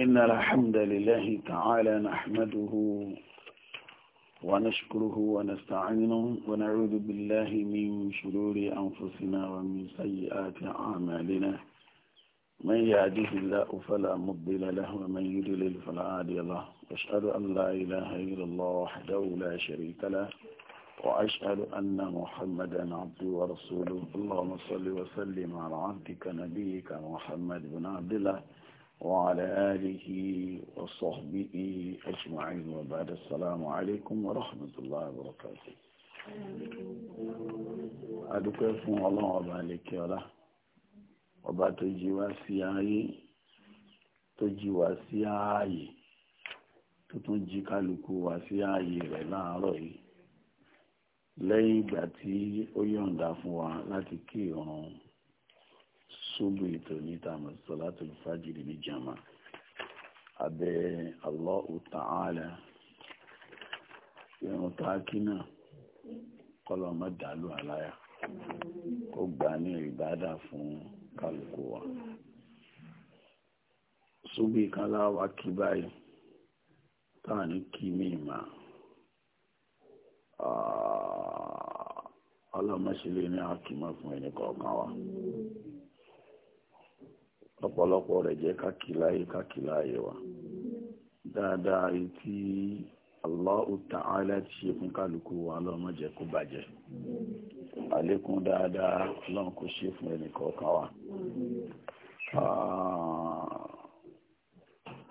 إن الحمد لله تعالى نحمده ونشكره ونستعينه ونعوذ بالله من شرور أنفسنا ومن سيئات أعمالنا من يهده الله فلا مضل له ومن يضلل فلا هادي له أشهد أن لا إله إلا الله وحده لا شريك له وأشهد أن محمدا عبده ورسوله اللهم صل وسلم على عبدك نبيك محمد بن عبد الله وعلى آله وصحبه أجمعين وبعد السلام عليكم ورحمة الله وبركاته adúpẹ́ fún ọlọ́run ọba àlekè ọlá ọba tó jí wá sí ayé tó jí wá sí ààyè tó tún jí kálukú wá sí ààyè rẹ̀ sugbu itolita masalatul fajiri ni jama abe allah ta'ala yin takina kọlọ madalu alaya o gba ni ibada fun kaluku wa subu kala wa kibai ta ni kimi ma ọlọ́mọ́sílẹ̀ ní àkìmọ́ fún ẹnì kọ̀ọ̀kan wa ọ̀pọ̀lọpọ̀ rẹ̀ jẹ́ kákìláyé kákìláyé wa dáadáa tí Allahu Ta'ala ti ṣe fún kálukú wa ọlọ́mọ jẹ́ kó bàjẹ́ àlékún dáadáa ọlọ́run kó ṣe fún ẹnìkọ̀ọ̀kan wa ah,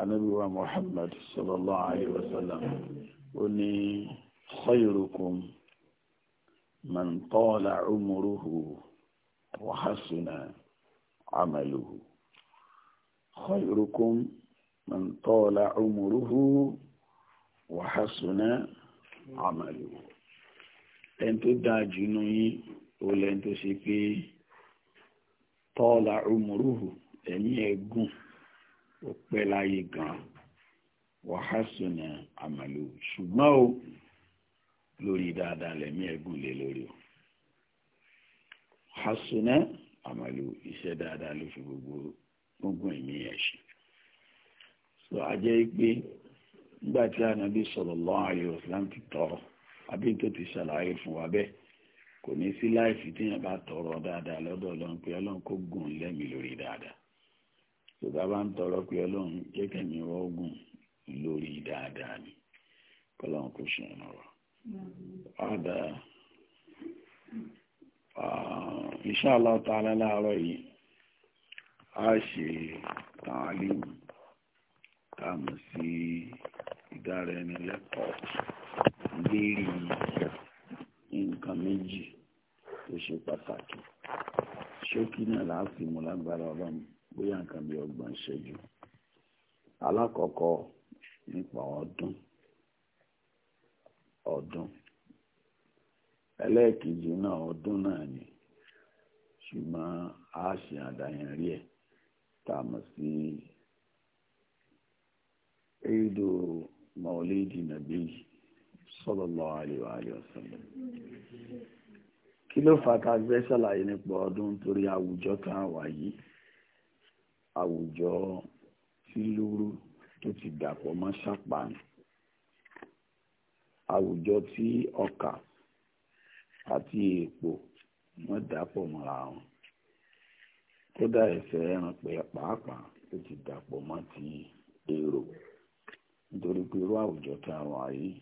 Ànábì wa Muhammad sallallahu alayhi ó ní khayrukum man tala umruhu wa amaluhu khayrukum man tala umuruhu wa hasuna amaluhu ẹn tó dáa jù nù yín ó lẹ́n tó ṣe pé tala umuruhu ẹ̀mí ẹ̀ gùn ó pẹ́ láyé gan-an wa hasuna amaluhu ṣùgbọ́n o lórí dáadáa lẹ́mí ẹ̀gùn lé lórí o hasuna amaluhu iṣẹ́ dáadáa ló fi gbogbo gúngún ẹ̀mí ẹ̀ ṣe so a pé nígbà tí anabi sallallahu alaihi wasallam ti tọrọ àbí tó ti ṣàlàyé fún wa bẹ́ẹ̀ kò ní sí láìsí téèyàn bá tọrọ dáadáa lọ́dọ̀ ọlọ́run pé ọlọ́run kò gùn lẹ́mí lórí dáadáa tòbá bá ń tọrọ pé ọlọ́run jẹ́ kẹ́mi lórí dáadáa ni kọ́lọ́run kò ṣe ìrànwọ́. Insha Allah ta'ala láàárọ̀ yìí. a ṣe tààlìm tá a mọ̀ sí ìdáraẹnilẹ́kọ̀ọ́ lérí nǹkan méjì tó ṣe pàtàkì ṣókí náà láti mú lágbára ọlọ́run bóyá nǹkan bí ọgbọ̀n ṣẹ́jú alákọ̀ọ́kọ́ nípa ọdún ọdún ẹlẹ́ẹ̀kejì náà ọdún náà ni ṣùgbọ́n a ṣe àdáyẹn rí tá a mọ̀ sí eidu maulidi nabi sallallahu alaihi wa sallam kí ló fà tá àwùjọ kan wà yìí àwùjọ tí lúrú tó ti dàpọ̀ mọ́ sápà àwùjọ tí kódà efe ẹran pé pàápàá ó ti dàpọ̀ mọ́ ti èrò nítorí pé irú àwùjọ tá a wà yìí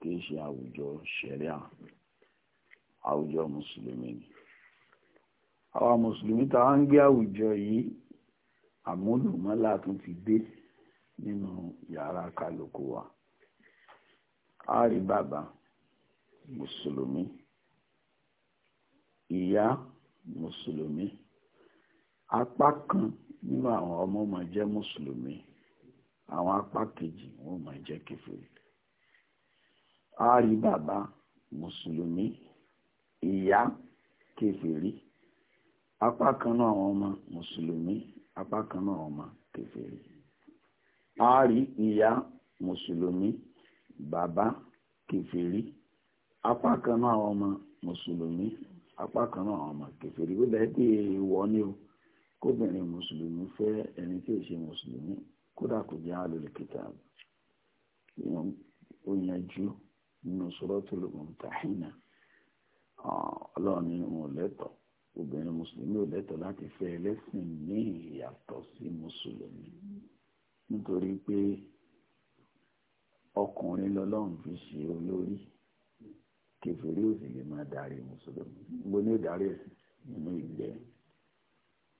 kì ṣe àwùjọ ṣẹ̀ríà àwùjọ mùsùlùmí ni àwa mùsùlùmí tá a ń gbé àwùjọ yìí àmúlùmọ́lá ti dé nínú yàrá kálukú wa a rí bàbá apá kan nínú àwọn ọmọ máa jẹ́ mùsùlùmí àwọn apá kejì wọn máa jẹ́ kèfèrí a rí bàbá mùsùlùmí ìyá apá kan náà àwọn ọmọ mùsùlùmí apá kan náà àwọn ọmọ kèfèrí a rí ìyá mùsùlùmí bàbá apá kan náà àwọn ọmọ mùsùlùmí kan náà àwọn ọmọ kóbìnrin mùsùlùmí fẹ́ ẹni tí ò ṣe mùsùlùmí kódà kò jẹ́ alul-kitāb ìwọ̀n ó yanjú nínú Suratul Mumtahina ọlọ́run ní wọn ò lẹ́tọ̀ọ́ obìnrin mùsùlùmí ò lẹ́tọ̀ọ́ láti fẹ́ ẹlẹ́sìn ní ìyàtọ̀ sí mùsùlùmí nítorí pé ọkùnrin lọ́lọ́run fi ṣe olórí kèfèrí ò sì lè máa darí mùsùlùmí gbóní ò darí ẹ̀sìn nínú ìgbẹ́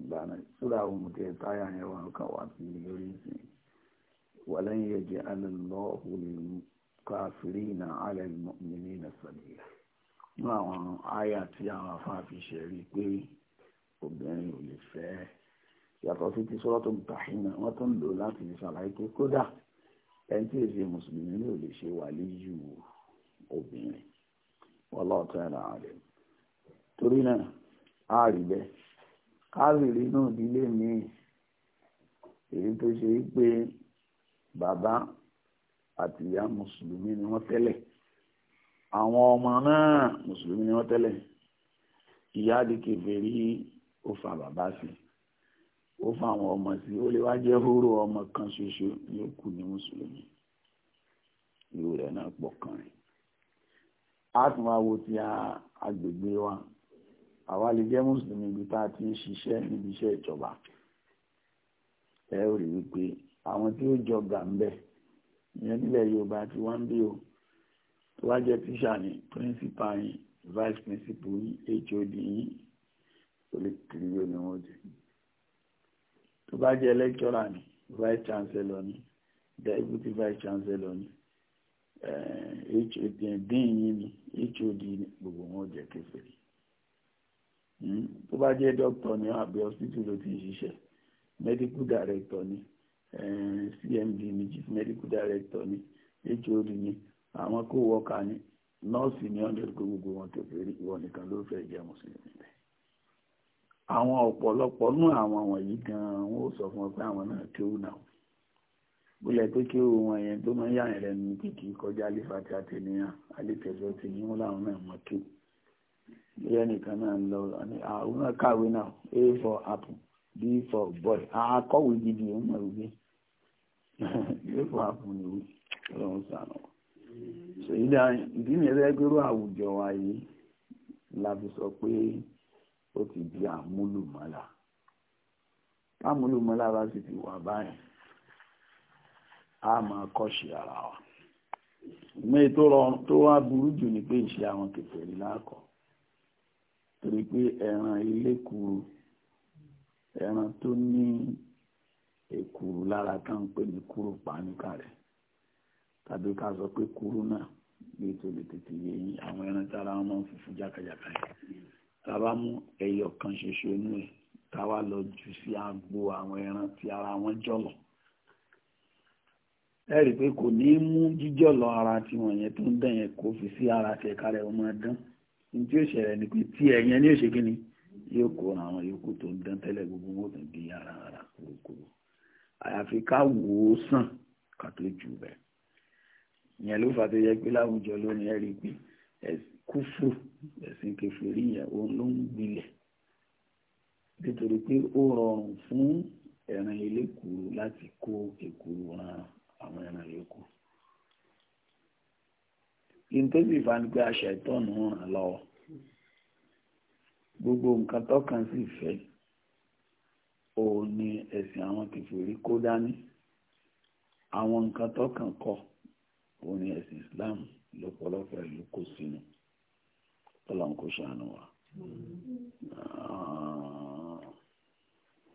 ìgbàna súra ohun tí ẹ táyà yẹn wà ọkàn wà sí lórí ìsìn walan yaj'ala Allahu lil kafirina 'ala al mu'minina sabila nínú àwọn àyà tí àwọn afáàfi ṣe rí pé obìnrin ò lè fẹ́ yàtọ̀ sí ti suratul Mumtahina wọ́n tún lò láti ṣàlàyé pé kódà ẹni tí èsì mùsùlùmí ló lè ṣe wàlíyù obìnrin wallahu ta'ala alim torí náà á rí bẹ́ẹ̀ kárìrì náà dílé míì èyí tó ṣe pé bàbá àti ìyá mùsùlùmí ni wọ́n tẹ́lẹ̀ àwọn ọmọ náà mùsùlùmí ni wọ́n tẹ́lẹ̀ ìyá di kèfèrí ó fa bàbá sí ó fa àwọn ọmọ sí ó lè wá jẹ́ hóró ọmọ kan ṣoṣo ní òkú ní mùsùlùmí irú rẹ̀ náà pọ̀ kan rẹ̀ á tún wá wo ti agbègbè wa àwa lè jẹ́ mùsùlùmí ibi tá a ti ń ṣiṣẹ́ níbi iṣẹ́ ìjọba ẹ ò rí wípé àwọn tí ó jọba ń bẹ ìyẹn nílẹ̀ Yorùbá ti wá ń bí o tó wá jẹ́ tíṣà ni principal yín vice principal yín HOD yín olùkìlíyò ni wọ́n jẹ́ tó bá jẹ́ lecturer ni vice chancellor ni deputy vice chancellor ni HOD eh, dean yín ni HOD ni gbogbo wọn jẹ́ kéfèrè. Hmm? tó bá jẹ́ dókítà ní àbí hospital ló ti ń ṣiṣẹ́ medical director ni eh, cmd ni chief medical director ni hod ni àwọn kó wọ́ọ̀kà ni nọ́ọ̀sì ní hundred kó wọn kèfèrí nìkan ló fẹ́ jẹ́ àwọn ọ̀pọ̀lọpọ̀ nú àwọn wọ̀nyí gan-an wọ́n fún ọ pé àwọn náà kéwù náà bólẹ̀ pé kéwù wọn yẹn tó máa ń yà kìkì kọjá bóyá nìkan náà ń lọ àwọn náà náà a for apple b for boy akọ̀wé gidi ó mọ̀ wíwí a for apple ni wí ọlọ́run sànà So dá ìdí nìyẹn fẹ́ gbérú àwùjọ wa yìí la fi sọ pé ó ti di àmúlùmọ́là táàmúlùmọ́là bá sì ti wà báyìí a máa kọ́ṣe ara wa ìmọ̀ ètò tó wá burú jù ní pé ìṣe àwọn kèfèrí lákọ̀ọ́ torí pé ẹran ilé kuru ẹran tó ní èkuru lára kan pé ní kúrò pàánìkà rẹ̀ tàbí ká sọ pé kúrú náà bí tó lè tètè yé yín àwọn ẹran tára wọn máa ń funfun jákàjàkà yẹn tá a bá mú ẹyọ kan ṣoṣo inú ẹ̀ ká wá lọ jù sí agbo àwọn ẹran tí ara wọn jọ̀lọ̀ ẹ rí i pé kò ní mú jíjọ̀lọ̀ ara tiwọn yẹn tó ń dàn kó fi sí ara tiẹ̀ kárẹ̀ ọmọ dán ní tí ó ṣẹlẹ̀ ni pé tí ẹ̀yẹn ní òṣèké ni yóò kó àwọn yòókù tó ń dán tẹ́lẹ̀ gbogbo wọn tó ń di ara ara kúrúkúrú àyàfi ká wò ó sàn ká tó jù bẹ́ẹ̀ ìyẹn ló fà tó yẹ pé láwùjọ lónìí ẹ rí i pé kúfù ẹ̀sìn kẹfìrí yẹn òun ló ń gbilẹ̀ nítorí pé ó rọrùn fún ẹran elékùrú láti kó èkùrú ran àwọn ẹran yòókù in tó sì fa ni pé aṣọ ìtọ́nù ràn lọ́wọ́ gbogbo nǹkan tọ́kàn sì fẹ́ òun ni ẹ̀sìn àwọn kìfìrí kó dání àwọn nǹkan tọ́kàn kọ òun ni ẹ̀sìn Islam lọ́pọ̀lọpọ̀ ìlú kó sínú tọ́lọ́n kó ṣàánú wa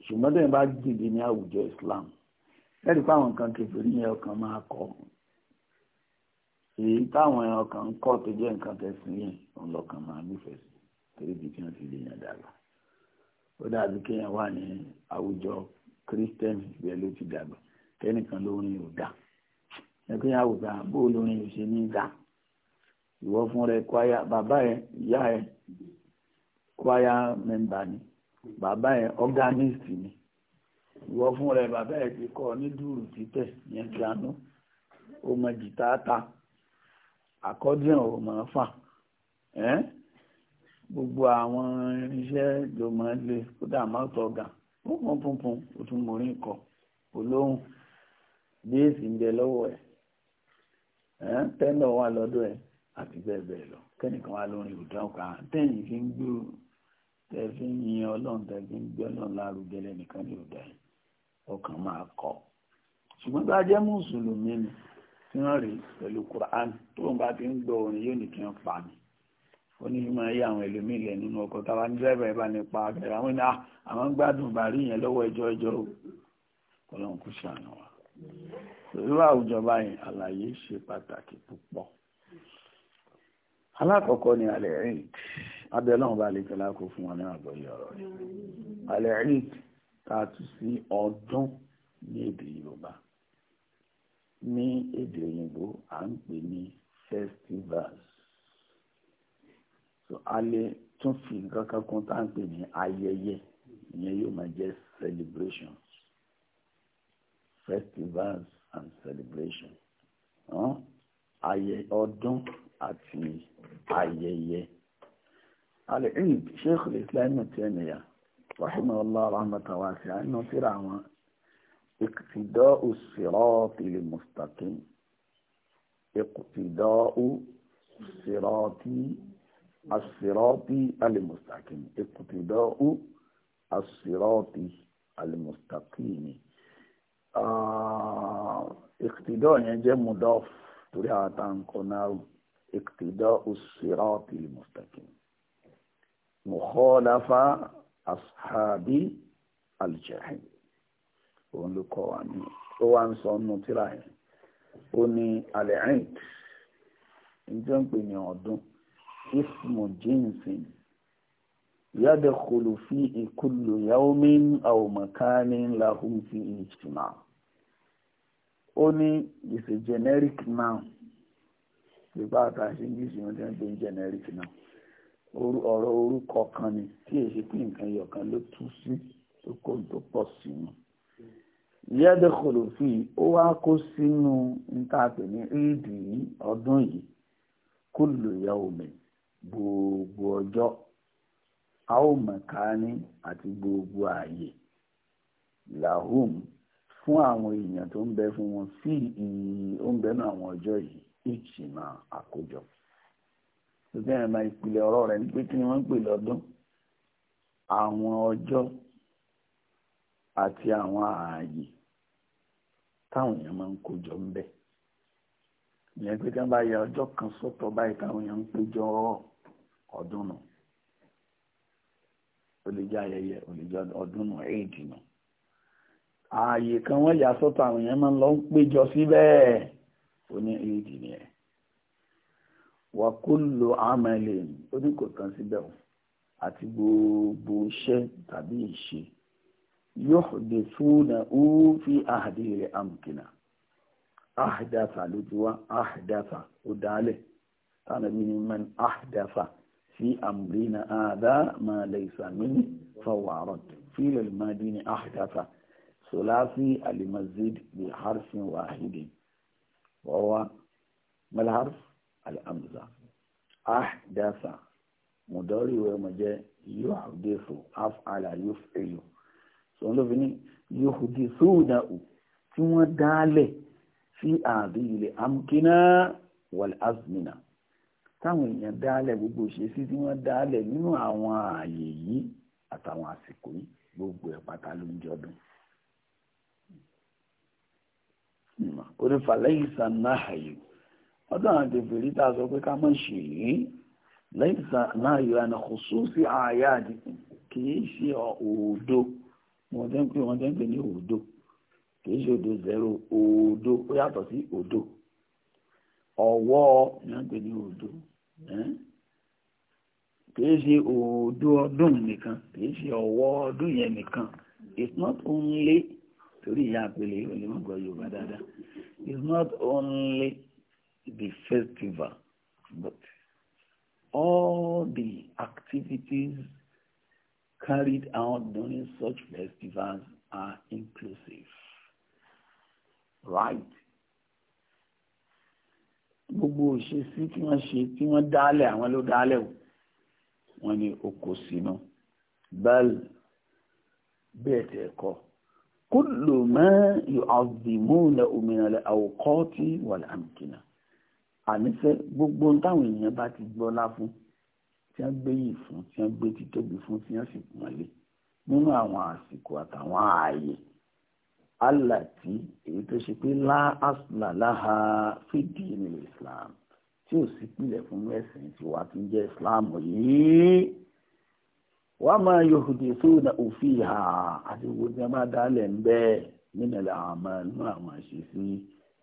ṣùgbọ́n tẹ́yìn bá dìde ní àwùjọ Islam lẹ́rìí pé àwọn nǹkan kìfìrí yẹn ọkàn máa kọ́ èyí táwọn ẹran kan ń kọ́ tó jẹ́ nǹkan tẹ̀sìn yẹn òun lọ́kàn máa nífẹ̀ẹ́ sí torí ibi tí wọ́n ti lè yàn dàgbà ó dàbí kéèyàn wà ní àwùjọ kírísítẹ́nì bẹ́ẹ̀ ló ti dàgbà kẹ́nìkan lórin ò dà ẹgbẹ́ yàwó gbà bó lórin ò ṣe ní dà ìwọ fún rẹ kwaya bàbá ẹ ìyá ẹ kwaya mẹ́mbà ni bàbá ẹ ọ́gánìsì ni ìwọ fún rẹ bàbá ẹ ti kọ́ ní dùrù títẹ̀ yẹn granú ó mọ jìtá àkọ́díọ̀n ò mọ̀ ọ́n fà gbogbo àwọn irinṣẹ́ ló mọ̀ ọ́n lé kódà mouth organ púpọ̀ púpọ̀ ó tún mọ̀ orin kọ olóhùn bíyèsí ń bẹ lọ́wọ́ ẹ̀ tẹ́lọ̀ wà lọ́dọ̀ ẹ̀ àti bẹ́ẹ̀ bẹ́ẹ̀ lọ kẹ́nìkan wà lórin ìdán kan tẹ́yìn fi ń gbó tẹ́ fi ń yin ọlọ́run tẹ́ fi ń gbé ọlọ́run lárugẹ lẹ́nìkan ní ìdá ọkàn máa kọ ṣùgbọ́n bá jẹ́ mùsùlùmí ni tí wọ́n rí pẹ̀lú Quran tó ń bá ti ń gbọ́ orin yóò ní kí wọ́n pa ni ó ní máa yí àwọn ẹlòmíì lẹ̀ nínú ọkọ̀ táwa ní dẹ́rẹ́bà ẹ̀ bá ní pa abẹ́rẹ́ ah, àwọn ní àwọn gbádùn bàrí yẹn lọ́wọ́ ẹjọ́ ẹjọ́ ọlọ́run kò ṣàánú wa irú àwùjọ báyìí àlàyé ṣe pàtàkì púpọ̀ alákọ̀ọ́kọ́ ni alẹ́ eid abẹ́lọ́run bá lè fẹ́lá fún wọn ní àgbọ̀yé ọ̀rọ̀ rẹ̀ alẹ́ eid ta sí ọdún ní èdè Yorùbá ní èdè òyìnbó à ń pè ní festivals so a lè tún fi nǹkan kan kún tá à ń pè ní ayẹyẹ ìyẹn yóò máa jẹ́ celebrations festivals and celebrations ayẹ ọdún àti ayẹyẹ alẹ́ ìyìn sheikh islam tẹ́niyà rahimahullah rahmatan wasi'a nínú síra àwọn اقتداء الصراط المستقيم اقتداء الصراط الصراط المستقيم اقتداء الصراط المستقيم آه، اقتداء يعني مضاف تريها تنقنا اقتداء الصراط المستقيم مخالفة أصحاب الجحيم òun ló kọ́ wa ní ó wá ń sọ nínú tíra yẹn ó ní alẹ́ rìn níjọ́ ń pè ní ọdún ismu jinsin yadkhulu fi kullu yawmin aw makanin lahum fi ijtima ó ní is a generic noun pípa àtàṣe english ni wọ́n ti ń generic noun ọ̀rọ̀ orúkọ kan ni tí èsì pé nǹkan ẹyọ ló tú sí tó kó tó pọ̀ sínú yẹ́dẹ̀kọ̀lù fi ó wá kó sínú ntaàpẹ̀ ní éèdì yìí ọdún yìí kó lò yá omi gbogbo ọjọ́ a ó mọ̀kání àti gbogbo ààyè làhùn fún àwọn èèyàn tó ń bẹ fún wọn sí ìyí ó ń bẹ àwọn ọjọ́ yìí ìjìnà àkójọ tó bẹ́ẹ̀ ìpìlẹ̀ ọ̀rọ̀ rẹ̀ ní pé kí ni wọ́n ń pè lọ́dún àwọn ọjọ́ àti àwọn ààyè táwọn èèyàn máa ń kójọ ń bẹ ìyẹn pé ya ọjọ́ kan sọ́tọ̀ báyìí táwọn èèyàn ń péjọ ọdún nù ó lè jẹ́ ayẹyẹ ó lè jẹ́ ọdún nù éèdì nù kan wọ́n yà sọ́tọ̀ àwọn èèyàn máa ń lọ ń péjọ síbẹ̀ ó ní éèdì nìyẹn wà kó lo àmàlẹ́ ó ní kò àti gbogbo iṣẹ́ يحدثونه في أهدي لأمكنة أحدث لجوا أحدث وداله أنا من من أحدث في أمرنا هذا ما ليس منه فهو عرض في المدينة أحدث ثلاثي المزيد بحرف واحد وهو ما الحرف الأمزة أحدث مدري ومجي يحدث أفعل يفعل sọ̀rọ̀ ló fi ní yòhùdì sóòdà ò tí wọ́n dálẹ̀ sí ààbí ilẹ̀ amkina wal azmina táwọn èèyàn dálẹ̀ gbogbo òṣèṣì tí wọ́n dálẹ̀ nínú àwọn ààyè yìí àtàwọn àsìkò yìí gbogbo ẹ̀ pátá ló ń jọdún. onífàlẹ́ ìsàn náà àyè ọdún àwọn kèfèrí tá a sọ pé ká mọ̀ ṣe yìí lẹ́yìn náà yóò àná kò sóòsì ààyè àdìkù kì í ṣe òdo wọ́n tẹ́ ń pè wọ́n tẹ́ ń pè ní òdo kìí ṣe òdo zero òdo ó yàtọ̀ sí òdo ọ̀wọ́ ni wọ́n pè ní òdo kìí ṣe òdo ọdún nìkan kìí ṣe ọ̀wọ́ ọdún yẹn nìkan it's not only torí ìyá àpèlè onímọ̀gbọ́ yorùbá dáadáa it's not only the festival but all the activities carried out during such festivals are inclusive. Right? Gbogbo òṣèṣí tí wọ́n ṣe tí wọ́n dálẹ̀ àwọn ló dálẹ̀ o. Wọ́n ní oko sínú. Bẹ́ẹ̀lì bẹ́ẹ̀ tẹ̀ kọ́. Kullu ma yu'azzimuna minal awqati wal amkina. Ànífẹ́ gbogbo táwọn èèyàn bá ti gbọ́lá fún tí wọ́n gbé yìí fún tí wọ́n gbé títóbi fún tí wọ́n sì pọ́nlé nínú àwọn àsìkò àtàwọn ààyè alàtí èyí tó ṣe pé láàsùlà láha fìdí ní Islam tí ò sí pìlẹ̀ fún ẹ̀sìn tí wàá tún jẹ́ Islam yìí wàá máa yòhùdì sóòdà òfin ìhà àti gbogbo tí wọ́n dálẹ̀ ń bẹ́ẹ̀ nínú àwọn àmọ́ inú àwọn àṣìṣe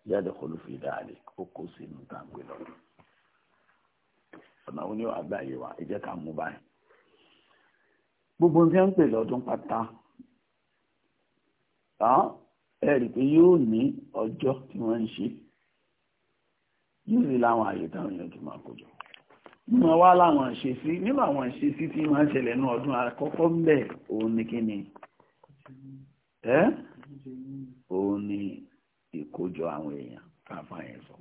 yàtọ̀ kọlùfẹ́ dáadé ó kó sínú tàǹgbẹ́ lọ́dún ọ̀nà wo ni gbà yé wa ẹ ká mú báyìí gbogbo nǹkan pè lọ́dún pátá ẹ pé yóò ní ọjọ́ tí wọ́n ń ṣe yóò rí láwọn àyè táwọn èèyàn ti máa kójọ nínú wa láwọn ìṣesí nínú àwọn ìṣesí tí máa ń ṣẹlẹ̀ ní ọdún àkọ́kọ́ ńbẹ̀ òun ni kí ẹ́ òun ni ìkójọ àwọn èèyàn káfáyẹn sọ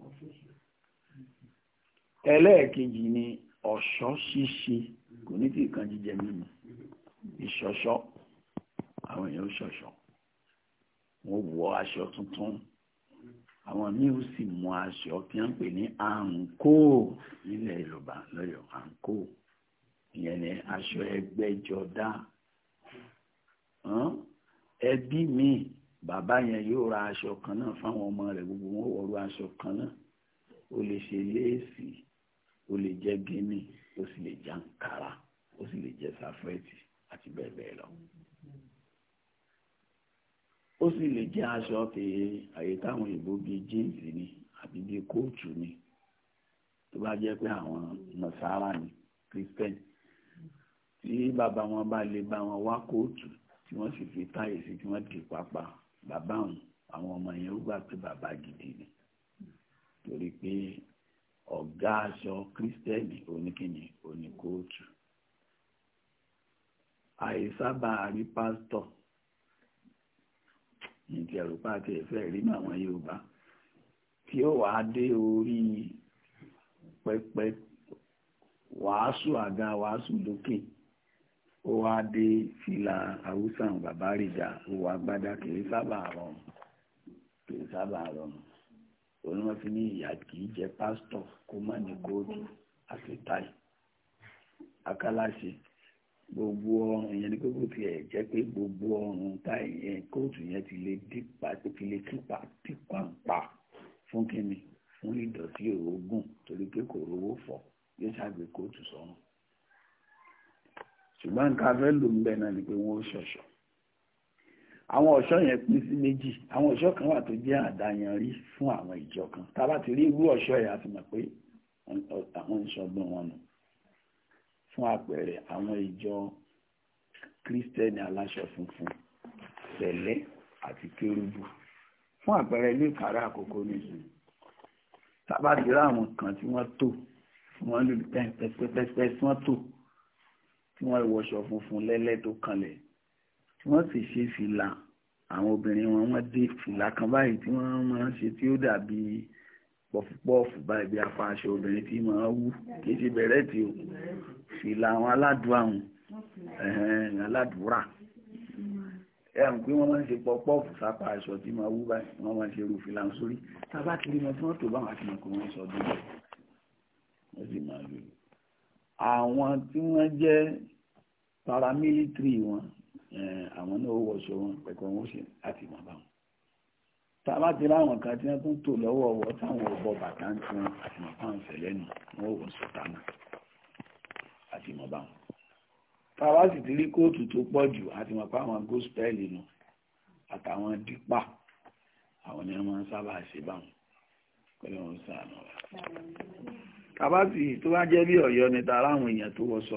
ẹlẹ́ẹ̀kejì ni ọ̀ṣọ́ ṣíṣe kò ní tí kan jíjẹ mímu ìṣọ̀ṣọ́ àwọn èèyàn ṣọ̀ṣọ́ wọ́n wọ aṣọ tuntun àwọn míì ó sì mú aṣọ tí wọ́n ń pè ní àǹkó nílẹ̀ Yorùbá lọ́yọ̀ àǹkó ìyẹn ni aṣọ ẹgbẹ́jọdá ẹbí mi bàbá yẹn yóò ra aṣọ kan náà fáwọn ọmọ rẹ̀ gbogbo wọn wọ̀rọ̀ aṣọ kan náà ó lè ṣe léèsì ó lè jẹ́ gíní ó sì lè jẹ́ àǹkárá ó sì lè jẹ́ sáfẹ́tì àti bẹ́ẹ̀ bẹ́ẹ̀ lọ. ó sì lè jẹ́ aṣọ tèye àyè táwọn òyìnbó bíi jíǹsì ni àbí bíi kóòtù ni tó bá jẹ́ pé àwọn nàṣàrà ni christian tí bàbá wọn bá lè bá wọn wá kóòtù tí wọ́n sì fi táyè sí tí wọ́n dì pápá bàbá àwọn ọmọ yẹn ó gbà pé bàbá gidi ni torí pé ọ̀gá aṣọ kírísítẹ́nì oníkíni oníkóòtù àìsábà rí pásítọ̀ ní ti ẹ̀rù pàtẹ ìfẹ́ rí ní àwọn Yorùbá tí ó wàá dé orí pẹpẹ wàásù àga wàásù lókè ó wá dé fìlà haúsá bàbá rìjà ó wá gbádá kìí sábà rọrùn kìí sábà rọrùn òun wọn fi ní ìyá kì í jẹ pásítọ̀ kó má ní kóòtù àti táì akálàṣe gbogbo ọrùn yẹn ní kókò tí ẹ jẹ pé gbogbo ọrùn táì yẹn kóòtù yẹn ti lè dípa ti lè kípa dípa ń pa fún kíni fún ìdọ̀tí òógùn torí pé kò rówó fọ yóò ṣàgbé kóòtù sọ́run ṣùgbọ́n nǹkan afẹ́ lò ń bẹ náà ni pé wọ́n ṣọ̀ṣọ̀ àwọn ọ̀ṣọ́ yẹn pín sí méjì àwọn ọ̀ṣọ́ kan wà tó jẹ́ àdáyanrí fún àwọn ìjọ kan tá a bá ti rí irú ọ̀ṣọ́ yẹn a ti mọ̀ pé àwọn ìṣọgbọ́n wọn nù fún àpẹẹrẹ àwọn ìjọ kírísítẹ́nì aláṣọ funfun tẹ̀lẹ́ àti kérúbù fún àpẹẹrẹ ilé ìkàrà àkókò nìyí tá bá ti rí àwọn kan tí wọ́n tò wọ́n lù pẹ́ẹ́pẹ́ẹ́pẹ́ tí wọ́n tò tí wọ́n wọṣọ funfun lẹ́lẹ́ tó kanlẹ̀ tí wọ́n sì ṣe fìlà àwọn obìnrin wọn wọ́n dé fìlà kan báyìí tí wọ́n máa ń ṣe tí ó dàbí pọfupọfu báyìí bí apá aṣọ obìnrin tí máa wú kì í ṣe bẹ̀rẹ̀ tí o fìlà àwọn aládùn àwọn aládùúrà ẹ ń pé wọ́n máa ń ṣe pọpọ́ọ̀fù sápá aṣọ tí máa wú báyìí wọ́n máa ń ṣe rúfin láwọn sórí tábà kiri wọn tí wọ́n tó báwọn àti nǹkan wọn sọ dúró wọ́n sì máa lò Eh, àwọn náà ó wọṣọ wọn pẹ̀kọ́ wọn ó ṣe láti mọ̀ bá wọn tá a bá ti láwọn kan tí wọ́n tún tò lọ́wọ́ ọwọ́ táwọn ọ̀bọ bàtà ń tún àti mọ̀ fáwọn ìṣẹ̀lẹ̀ nù wọn ò wọ́n sọ̀tà náà àti mọ̀ bá wọn tá a bá sì ti rí kóòtù tó pọ̀ jù àti mọ̀ fáwọn góspẹ́ẹ̀lì nù àtàwọn dípà àwọn ni wọ́n máa ń sábà ṣe báwọn pẹ̀lú wọn sáà náà. tá a bá sì tó bá jẹ́ bí ọ̀yọ́ ni tààrà àwọn èèyàn tó wọṣọ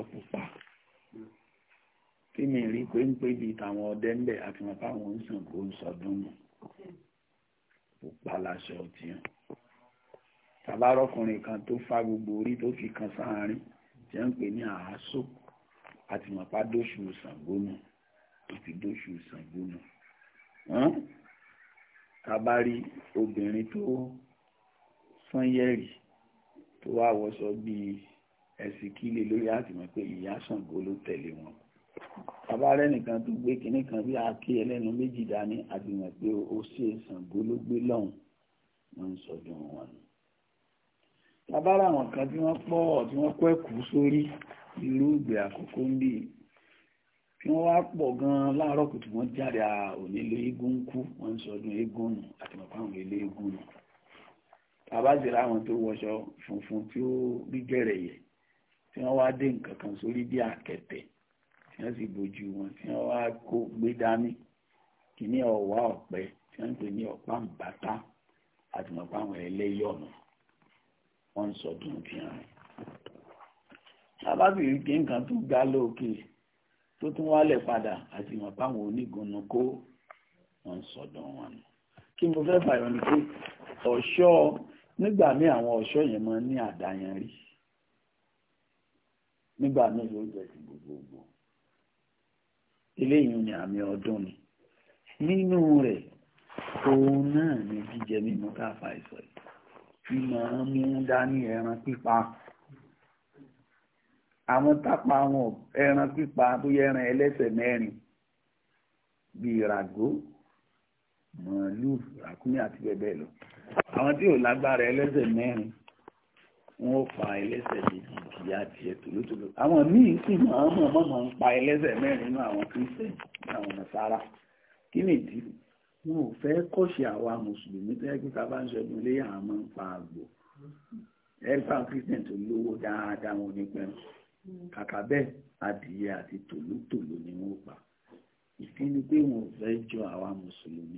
tí mi rí pé ń pé bí tàwọn ọdẹ ń bẹ̀ àti wọn fáwọn ń sàn kó ń sọdún mọ́ ó pa láṣọ ọtí hàn tàbárọ̀kùnrin kan tó fá gbogbo orí tó fi kan sáárín tí ń pè ní àásó àti mọ̀pá dóṣù sàngónù àti dóṣù sàngónù tàbárí obìnrin tó sanyẹ́rì tó wá wọṣọ bíi ẹ̀sìn kílé lórí àtìmọ́ pé ìyá Ṣàngó ló tẹ̀lé wọn abárẹ́ nìkan tó gbé kinní kan bí àáké ẹlẹ́nu méjì dání àgbìmọ̀ pé ó ṣe Ṣàngó ló lọ́hùn wọ́n ń sọdún wọn ni tabára àwọn kan tí wọ́n pọ̀ tí wọ́n kọ́ ẹ̀kú sórí irú ìgbé àkókò ń bì tí wọ́n wá pọ̀ gan-an láàárọ̀ kùtù wọ́n jáde onílé eégún kú wọ́n ń sọdún eégún nù àti mọ̀pá àwọn ilé eégún nù tàbájìlá àwọn tó wọṣọ funfun tí ó rí gẹ̀rẹ̀ yẹ tí wọ́n wá dé nǹkan kan sórí bí àkẹtẹ̀ tí wọ́n sì bojú wọn tí wọ́n wá kó gbé dání kìíní ọ̀wá ọ̀pẹ tí wọ́n ń pè ní ọ̀pá ǹbátá àti mọ̀pá àwọn ẹlẹ́yọ̀nù wọ́n ń sọdún tí wọ́n rìn. tábàbìrì nǹkan tó ga lókè tó tún wálẹ̀ padà àti mọ̀pá àwọn onígunnu kó wọ́n ń sọdún wọn nù. kí mo fẹ́ fàyọ ni pé ọ̀ṣọ́ nígbà míì àwọn ọ̀ṣọ́ yẹn máa ń ní àdáyanrí nígbà míì ló jẹ́ ti gbogbogbò eléyìí ni àmì ọdún ni nínú rẹ̀ òun náà ni jíjẹ mímu káfà ìsọ̀ yìí máa ń mú dání ẹran pípa àwọn tápa àwọn ẹran pípa bóyá ẹran ẹlẹ́sẹ̀ mẹ́rin bíi ràgó màálù ràkúnmí àti bẹ́ẹ̀ bẹ́ẹ̀ lọ àwọn tí ò lágbára ẹlẹ́sẹ̀ mẹ́rin wọ́n pa ẹlẹ́sẹ̀ méjì ìyá tiẹ̀ tòlótòló àwọn míì sì máa mọ̀ mọ́ máa ń pa ẹlẹ́sẹ̀ mẹ́rin nínú àwọn kírísítẹ̀n àwọn nàṣàrà kí nìdí wọn ò fẹ́ kọ́ṣe àwa mùsùlùmí tẹ́ pé ká bá ń ṣọdún ilé àwọn máa ń pa àgbò ẹ̀ríkà kírísítẹ̀n tó lówó dáadáa wọn ní pẹ́rù kàkà bẹ́ẹ̀ adìyẹ àti tòlótòló ni wọ́n pa ìfín ni pé wọn ò fẹ́ jọ àwa mùsùlùmí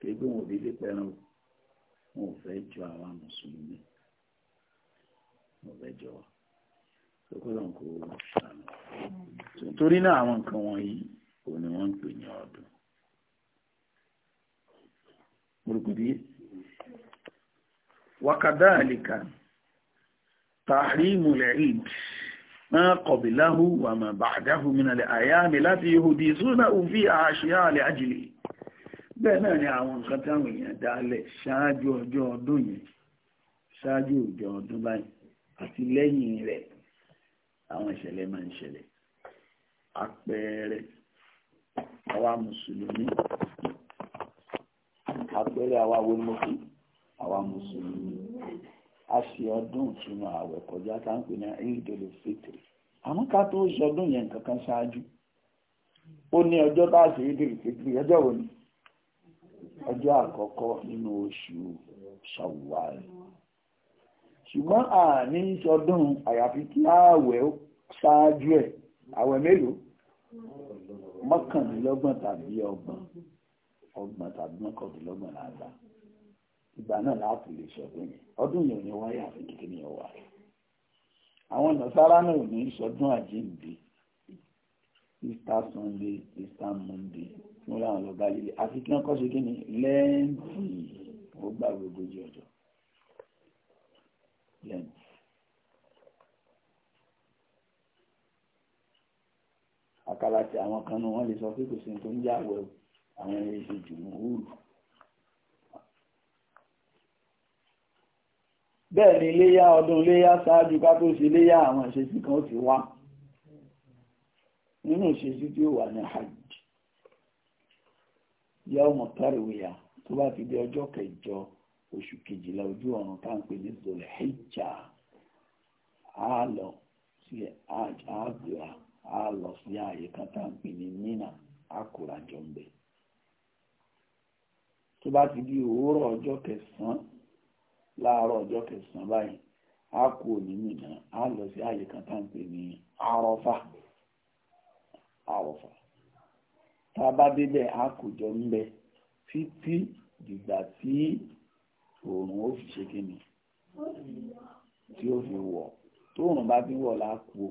kí pé fẹ́ jọ wa sókòlọ́n kò sànù torí náà àwọn nǹkan wọ̀nyí òun ni wọ́n ń pè ní ọdún burúkúdí wákàdáàlìkà tàhrímù lẹ́yìn máa kọ̀bìláhù wà máa bàdáhù mìnàlẹ̀ àyàmì láti yehudi súnà òfin àṣíyà alẹ́ ajílẹ̀ bẹ́ẹ̀ náà ni àwọn nǹkan táwọn èèyàn dálẹ̀ ṣáájú ọjọ́ ọdún yẹn ṣáájú ọjọ́ ọdún báyìí àti lẹ́yìn rẹ̀ àwọn ìṣẹ̀lẹ̀ máa ń ṣẹlẹ̀ àpẹẹrẹ àwa mùsùlùmí àpẹẹrẹ àwa wo ni mo àwa mùsùlùmí a ṣe ọdún ìtúnu ààwẹ̀ kọjá tá ń pè ní ìdòlè fìtìrì àmọ́ ká tó ṣọdún yẹn kankan ṣáájú ó ní ọjọ́ tá a ṣe ìdòlè fìtìrì ọjọ́ wo ni ọjọ́ àkọ́kọ́ nínú oṣù ṣàwùwárì ṣùgbọ́n àní sọdún àyàfi kí ààwẹ̀ ó ṣáájú ẹ̀ àwẹ̀ mélòó mọ́kànlélọ́gbọ̀n tàbí ọgbọ̀n ọgbọ̀n tàbí mọ́kànlélọ́gbọ̀n láàgbà ìgbà náà láti lè sọdún yẹn ọdún yẹn ò ní wáyà àfi kékeré ni wà rẹ̀ àwọn nàṣàrà náà ní sọdún àjíǹde Easter Sunday Easter Monday fún láwọn lọ bá lílé àfi kí wọ́n kọ́ ṣe kí ni lẹ́ǹtì ó gbà gbogbo ọjọ́ yani. àkàlà tí àwọn kan náà wọ́n lè sọ pé kò sí tó ń yàwó àwọn bẹ́ẹ̀ ni léyá ọdún léyá ṣáájú ká tó ṣe léyá àwọn ìṣesí kan ti wá nínú ìṣesí tí ó wà ní hajj oṣù kejìlá ojú ọ̀run tá à ń pè ní zolhijja á lọ sí àgbéra á lọ sí ààyè kan tá à ń pè ní mina àkùràjọ ń bẹ tó bá ti di òwúrọ̀ ọjọ́ kẹsàn-án láàárọ̀ ọjọ́ kẹsàn-án báyìí á kú òní mina á sí ààyè kan tá ń pè ní arọfa arọfa tá a bá débẹ̀ á ń bẹ títí dìgbà tí oòrùn ó fi ṣe kí ni tí ó fi wọ̀ tóòrùn bá ti wọ̀ lákòó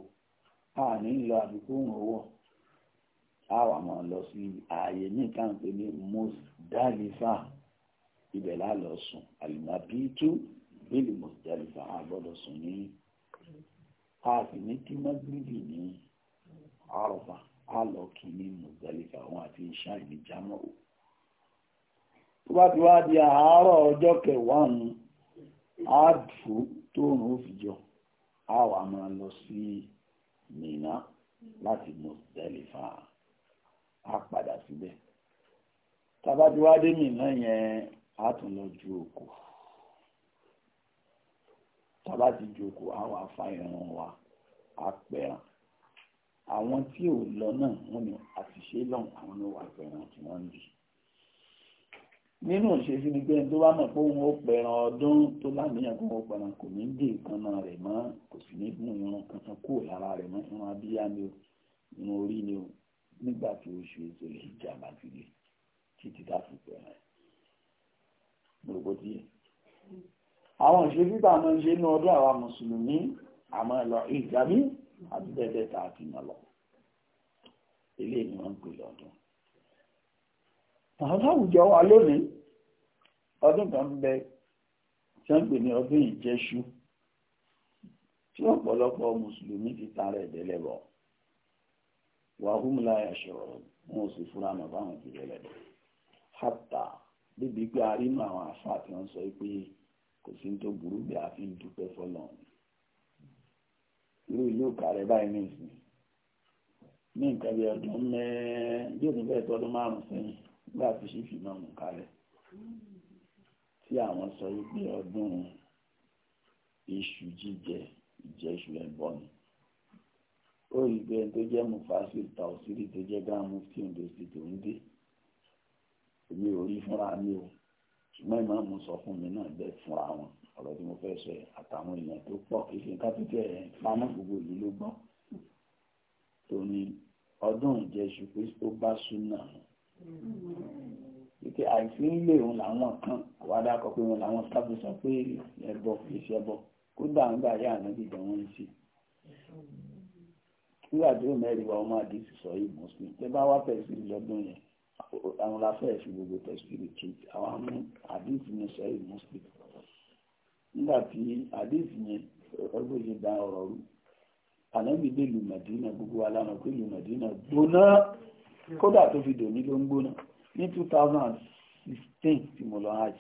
a ní lọ àbíkú òòrùn wọ̀ a wà máa lọ sí ààyè ní ìtàǹpé ní Musdalifa ibẹ̀ lálọ́ sùn àlùmọ́bítú bílì Musdalifa a gbọ́dọ̀ sùn ní a sì ní kí mọ́gbìlì ní àrọ̀fà a lọ kì í ní Musdalifa àwọn àti ìṣáà ìníjàmọ́ òkú tó bá ti wá di àárọ̀ ọjọ́ kẹwàá ni á dù tó òun ó fi jọ á wà máa lọ sí Mínà láti Muzdalifa á padà síbẹ̀ tàbá ti wá dé Mínà yẹn á tún lọ ju òkú tàbá ti ju òkú á wà fa irun wa á pẹ̀ràn àwọn tí ò lọ náà wọ́n ní àṣìṣe lọ́hùn àwọn ló wà pẹ̀ràn tí wọ́n ń bì nínú ìṣesí ni pé ẹni tó bá mọ̀ pé òun ó pẹ̀ràn ọdún tó lámìyàn kó wọn pẹ̀ràn kò ní dé ìkànnà rẹ̀ mọ́ kò sì ní mú irun kankan kúrò lára rẹ̀ mọ́ irun abíyá ni o irun orí ni o nígbà tí oṣù èso lè jà bá ti lè títí tá a fi pẹ̀ràn ẹ̀ àwọn ìṣesí tá a máa ṣe ní ọdún àwa mùsùlùmí àmọ́ ẹ lọ ìjàmí àti bẹ́ẹ̀ bẹ́ẹ̀ tá a ti mọ̀ lọ eléyìí ni wọ́n ń pè lọ́dún. àwọn àwùjọ wa lónìí ọdún kan bẹ tí wọ́n pè ní ọdún tí mùsùlùmí ti tan rẹ̀ délẹ̀bọ̀ wàhùnmùlá ẹ̀ṣọ́ wọn ò sì fura mọ̀ báwọn ti délẹ̀bọ̀ hátà bíbi pé a rí àwọn àṣà tí wọ́n sọ pé kò sí tó burú bí a fi ń dúpẹ́ irú ìlú nígbà tó ṣe fi máa mú kalẹ̀ tí àwọn sọ wípé ọdún iṣu jíjẹ ìjẹ iṣu ẹbọ ni ó rí pé tó jẹ́ mufasi tausiri tó jẹ́ grand mufti ondo state tó ń dé èmi ò rí fúnra mi o ṣùgbọ́n ìmáàmù sọ fún mi náà bẹ́ẹ̀ fúnra wọn ọ̀rọ̀ tí mo fẹ́ sọ ẹ̀ àtàwọn èèyàn tó pọ̀ kì í ṣe nǹkan tó jẹ́ ẹ̀ pamọ́ gbogbo ìlú ló gbọ́ tó ní ọdún ìjẹ́sù pé ó bá súnà ìpè àìsí ilé òun làwọn kan àwọn adákọ̀ pé wọn làwọn sábà sọ pé ẹbọ èsì ẹbọ kódà ńgbà yá ànábì gan wọn sí nígbà tí ó mẹ́rin wa ọmọ àdìsí sọ yìí muslim tẹ bá wá pẹ̀sì lọ́dún yẹn àwọn lafẹ́ fi gbogbo pẹ̀sì lè ké àwọn amú àdìsí ní sọ yìí muslim nígbà tí àdìsí yẹn ọdún yìí dá ọ̀rọ̀ rú ànábì dé lùmọ̀dínà gbogbo alámọ̀ pé lùmọ̀dínà gbóná kódà tó fi dòní ló ń gbóná ní 2016 tí mo lọ hajj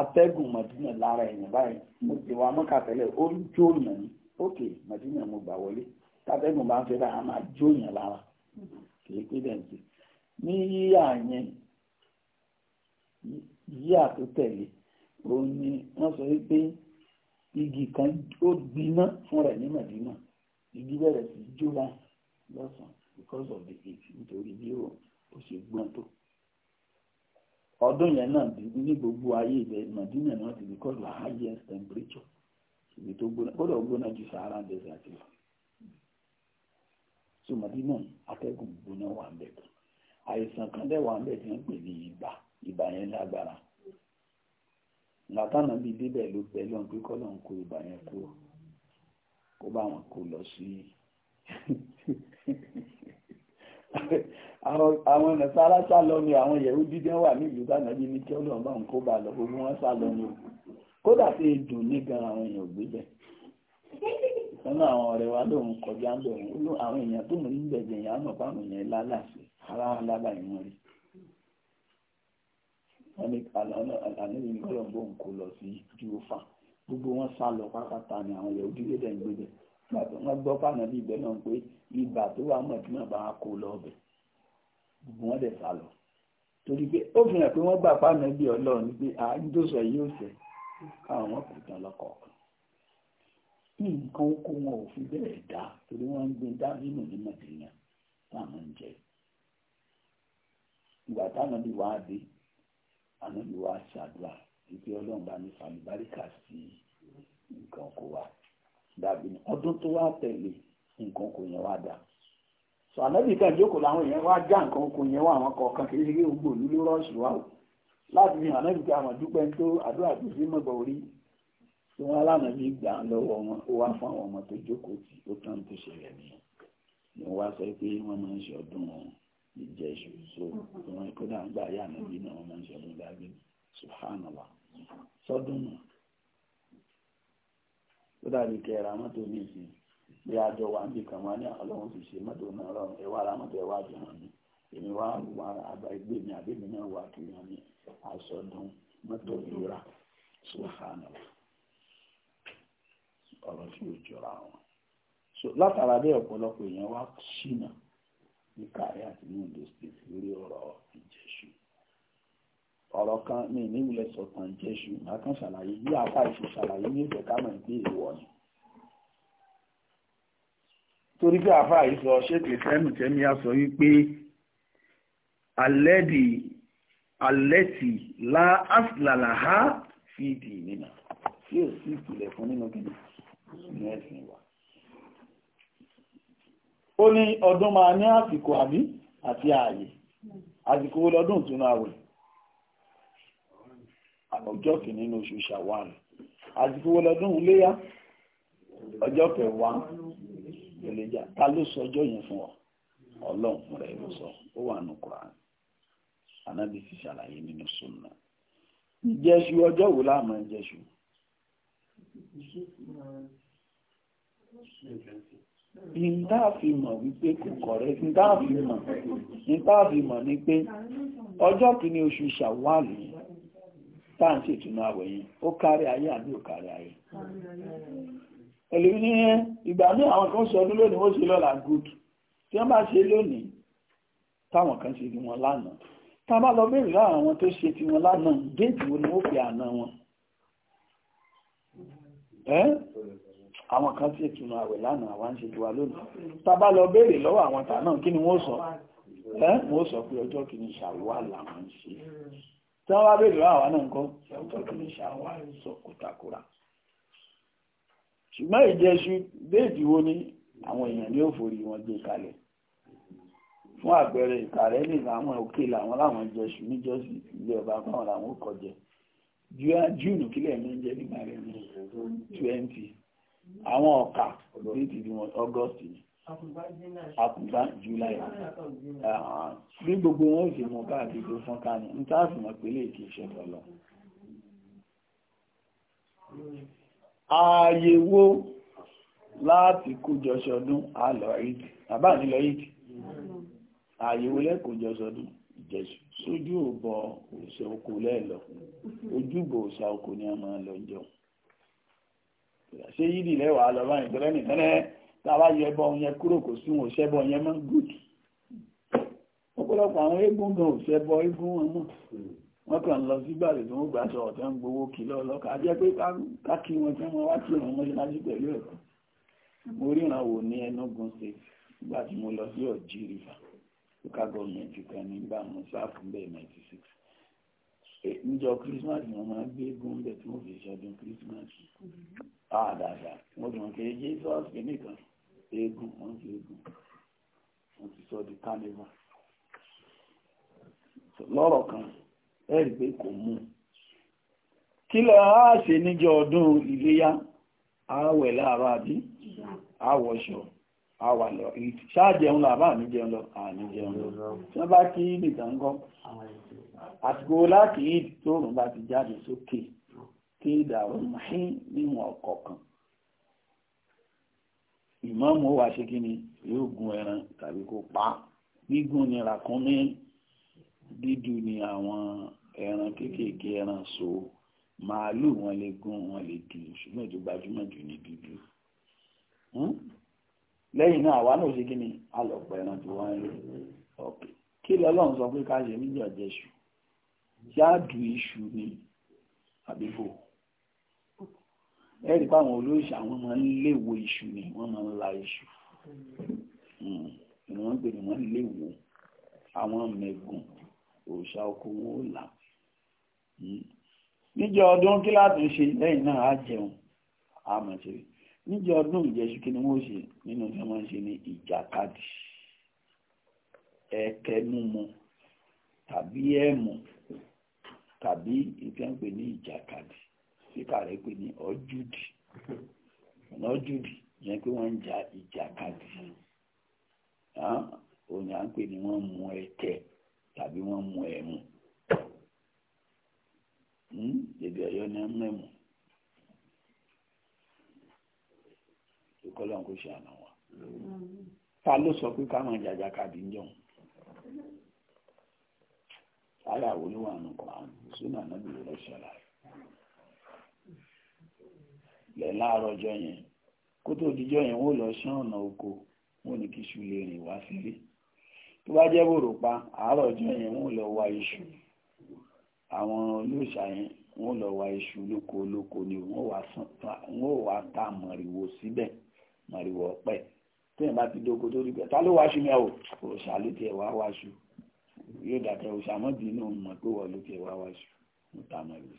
atẹ́gùn mọ̀dínà lára ẹ̀yìn báyìí mo ti wá mọ́kà tẹ́lẹ̀ ó ń jó yàn ní òkè mọ̀dínà mo gbà wọlé tátẹ́gùn bá ń fẹ́ báyìí a máa jó yàn lára kì pé bẹ́ẹ̀ ṣe ní yíyà yẹn yíyà tó tẹ̀lé òun ni wọ́n sọ wípé igi kan ó gbiná fún rẹ̀ ní mọ̀dínà igi bẹ̀rẹ̀ sí jó lọ́sàn-án because of the heat nítorí bí ó ṣe gbọ́n tó ọdún yẹn náà ní gbogbo ayé ibẹ̀ Madina náà ti because of highest temperature ibi tó gbóná gbọ́dọ̀ gbóná ju Sahara desert lọ so Madina atẹ́gùn gbóná wà ń bẹ̀ tó àìsàn kan dẹ̀ wà ń bẹ̀ tí wọ́n pè ní ibà ibà yẹn lágbára látànà bíi débẹ̀ ló bẹ lọ́n pé kọ́ lọ́n kó ibà yẹn kúrò kó bá wọn kó lọ sí àwọn nàṣàrà sá lọ ni àwọn yẹ̀wù dídẹ́ wà ní ìlú tánàbí ní kí ọlọ́run bá ń kó bá lọ gbogbo wọn sá lọ ni kódà tí èdò ní gan àwọn èèyàn gbé bẹ́ẹ̀ lọ́nà àwọn ọ̀rẹ́ wa lòun kọjá ń bẹ̀rù ó lóun àwọn èèyàn tó mú ní gbẹ̀gbẹ̀ yẹn àmọ̀ fáwọn èèyàn lálàsì ara lábà ìmọ̀ rí wọ́n ní àlàníbi ní kọ́lọ̀ bóun kò lọ sí júfà gbogbo wọn sá lọ pátápátá ni àwọn yẹ̀wù dídẹ́ dẹ̀ ń gbé bẹ́ẹ̀ wọ́n gbọ́ fáwọn bíi ibẹ̀ náà pé ibà tó wà mọ̀ tí wọ́n bá kó lọ ọbẹ̀ gbogbo wọn dẹ̀ sá lọ torí pé ó fi hàn pé wọ́n gbà fáwọn bíi ọlọ́run pé àárín tó sọ yìí ó sẹ́ káwọn wọn kò tán lọ́kọ̀ọ̀kan nǹkan oko wọn ò fi bẹ́ẹ̀ dá torí wọ́n ń gbin dávínù ní mọ̀tìyàn táwọn ń jẹ ìgbà táwọn bí wàá dé àwọn bí wàá ṣàdúrà wípé ọlọ́run bá ní fàlùbáríkà sí nǹkan oko wa. dàbí ọdún tó wá tẹ̀lé nǹkan kò yẹn wá dà sọ ànábì kan jókòó làwọn èèyàn wá já nǹkan kò yẹn wá àwọn kọ̀ọ̀kan kì í ṣe gbogbo òní ló wá o láti fi ànábì kan àwọn dúpẹ́ tó àdúrà tó sí mọ̀gbọ̀ orí tí wọ́n gbà ń sọ pé wọ́n máa ń ṣe so wọ́n ń gbà yá ànábì náà wọ́n máa ń ṣe ọdún ìdágbé subhanallah ó dàbí kẹrà mọ́tò ní ìsìn bí àjọ wà níbi kan wọn ní ọlọ́run ti ṣe mọ́tò náà rọrùn ẹ̀wà ara mọ́tò ẹ̀wà jù hàn mí èmi wá wà àgbà ẹgbẹ́ mi àbẹ́mi náà wà kiri hàn mí àsọdún mọ́tò ìrora sùhánà ọ̀rọ̀ tí ò jọra wọn. látara bí ọ̀pọ̀lọpọ̀ èèyàn wá ṣìnà ní kàrí àti ní Ondo State lórí ọ̀rọ̀ ìj ọ̀rọ̀ kan ní ìníwulẹ̀ sọ̀tàn jésù akán ṣàlàyé bí apá ìṣe ṣàlàyé ní ìfẹ́ ká mọ̀ pé èèwọ̀ ni. torí pé apá ìsọ ṣètò ìfẹ́nu tẹ́mi á sọ wípé alẹ́dì alẹ́tì la aslalaha fìdí nínà tí ò sí ìpìlẹ̀ fún nínú gidi nínú ẹ̀sìn wa. ó ní ọdún máa ní àsìkò àbí àti ààyè àsìkò lọ́dún ìtúnu àwẹ̀ ọjọ́ kìíní nínú oṣù ṣàwàl àsìkò wo lọ́dún léyà ọjọ́ kẹwàá ìlẹ́jà ta ló sọ ọjọ́ yẹn fún ọ ọlọ́run fún rẹ̀ ló sọ ó wà nù Qur'an anábì sì ṣàlàyé nínú sunna ìjẹṣu ọjọ́ wo láàmú ìjẹṣu ìdáàfimọ̀ wípé kò kọ̀rẹ́ ìdáàfimọ̀ ni pé ọjọ́ kìíní oṣù ṣàwàlì yìí táà ń ṣe ìtùnú àwẹ̀ yẹn ó kárí ayé àbí ò kárí ayé ẹlòmí ní ìgbà ní àwọn kan ṣe ọdún lónìí wọ́n ṣe lọ́la good tí wọ́n bá ṣe lónìí táwọn kan ṣe tiwọn lánàá tá a bá lọ béèrè láwọn àwọn tó ṣe tiwọn lánàá déètì wo ni wọ́n fi àná wọn àwọn kan ṣe ìtùnú àwẹ̀ lánàá àwọn ń ṣe tiwa lónìí tá a bá lọ béèrè lọ́wọ́ àwọn tà náà kí ni wọ́n sọ wọ́n sọ pé ọjọ́ kìíní ṣàwọ́ àlà wọn ṣe tí wọ́n wá bèèrè àwọn náà nǹkan ṣàwùtọ́ ní ṣàwárí sọ kòtàkùrà ṣùgbọ́n ìjẹṣu déètì wo ni àwọn èèyàn ní òfòrí wọn gbé kalẹ̀ fún àpẹẹrẹ ìkàrẹ́ nìgbà àwọn òkè làwọn láwọn jẹṣu níjọ́sí ilé ọba fáwọn làwọn ó kọjẹ júùnù kílẹ̀ ní jẹ́ nígbà rẹ̀ ní twenty àwọn ọ̀kà déètì wọn August àkùbá july bí gbogbo wọn ò sì mọ káàkiri tó fọ́n ká ní níta sì mọ̀ pé léèkì ìṣẹ̀tọ̀ lọ. ààyè wo láti kójọ sọdún àlọ́ ìdí bàbá nílọ ìdí ààyè wo lẹ́kọ̀ọ́jọ sọdún ìjẹ̀sù sójú òbọ òṣà oko lẹ́ẹ̀lọ ojúbọ òṣà oko ni a máa lọ jọ ṣé yídì lẹ́wàá lọ báyìí tọ́lẹ́nì tọ́lẹ́ tàbá yọ ẹbọ yẹn kúrò kò sí wọn ṣẹbọ yẹn mọ́ good ọ̀pọ̀lọpọ̀ àwọn eégún gan ò ṣẹbọ eégún wọn mọ́ wọ́n kàn lọ sígbàdì tó ń gbà sọ ọ̀tẹ́ ń gbowó kí lọ́lọ́kà á jẹ́ pé ká wọn tí wọ́n wá kí wọn mọ́ṣẹ́ lájú pẹ̀lú ẹ̀kọ́ mo ríran wò ní Enugu state nígbà tí mo lọ sí ọ̀jí river local government kan nígbà mo sáàfù bẹ́ẹ̀ ninety six níjọ christmas ni wọ́n máa gbé eégún bẹ́ẹ̀ tí wọ́n fi ṣọdún christmas mm-hmm. ah dáadáa mo dùn pé jesus kìíní Egwu, wọ́n egwu. fi eégún wọ́n di carnival kan ẹ̀rí kò mú kí lọ ṣe níjọ ọdún iléyá àwẹ̀ láàárọ̀ àbí lọ ṣáàjẹun lọ àbá àmì lọ àmì lọ tí bá kí nìkan ń àsìkò láti bá ti jáde sókè kí ìdàrú máa ìmáàmù ó wá ṣe kí ni yóò gun ẹran tàbí kó pa á gígùn ni ràkúnmí dídú ni àwọn ẹran kéékèèké ẹran so màálù wọn lè gún wọn lè dì ṣùgbọ́n ètò gbajúmọ̀ jù ní dúdú hmm? lẹ́yìn náà àwa náà ṣe kí ni alọ̀pọ̀ ẹran tí wọ́n ń lò ọ̀pẹ̀ kí lọ́lọ́run sọ pé ká ṣe níjọ́ jẹ́ṣù ṣáàdù iṣu ni àbíkò ẹ̀rí pé àwọn máa ń léwo iṣu ni wọ́n máa ń la iṣu ìwọ̀n hmm, ń pè ní wọ́n léwo àwọn mẹ̀gùn òòṣà oko wọn ò là hmm, níjọ ọdún kí láti ṣe lẹ́yìn náà á jẹun àmọ̀ ṣe níjọ ọdún ìjẹsù kí ni wọ́n ṣe nínú tí wọ́n ṣe ní ìjàkadì tàbí ẹ̀mù tàbí ìfẹ́ síkà rẹ̀ pé ní ọ́júdì ọ́júdì yẹn pé wọ́n ń ja ìjàkadì òní à ń pè ní wọ́n mú ẹ̀tẹ̀ tàbí wọ́n mú ẹ̀mú hmm? èdè ọ̀yọ́ ni wọ́n mẹ́mú ìkọlọ́n kò ṣe àná wa ta ló sọ pé káwọn jàjàkadì ń jọun aláwo ló wà nù kọ́ àwọn lẹ̀ láàárọ̀ ọjọ́ yẹn kó tó dijọ́ yẹn wọ́n lọ ọ̀nà oko wọ́n ní kí iṣu lè rìn wá sílé tó bá jẹ́ bòrò pa àárọ̀ ọjọ́ yẹn wọ́n lọ wá iṣu àwọn olóòṣà yẹn wọ́n lọ wá iṣu lóko lóko ni wọ́n wá ta mọ̀rìwò síbẹ̀ mọ̀rìwò bá ti dóko tó dìgbà ta ló yẹn o òòṣà ló tiẹ̀ wá wáṣu yóò dàtẹ̀ òòṣà mọ́ bínú mọ̀ pé wọ́n ló tiẹ̀ wá ta mọ̀rìwò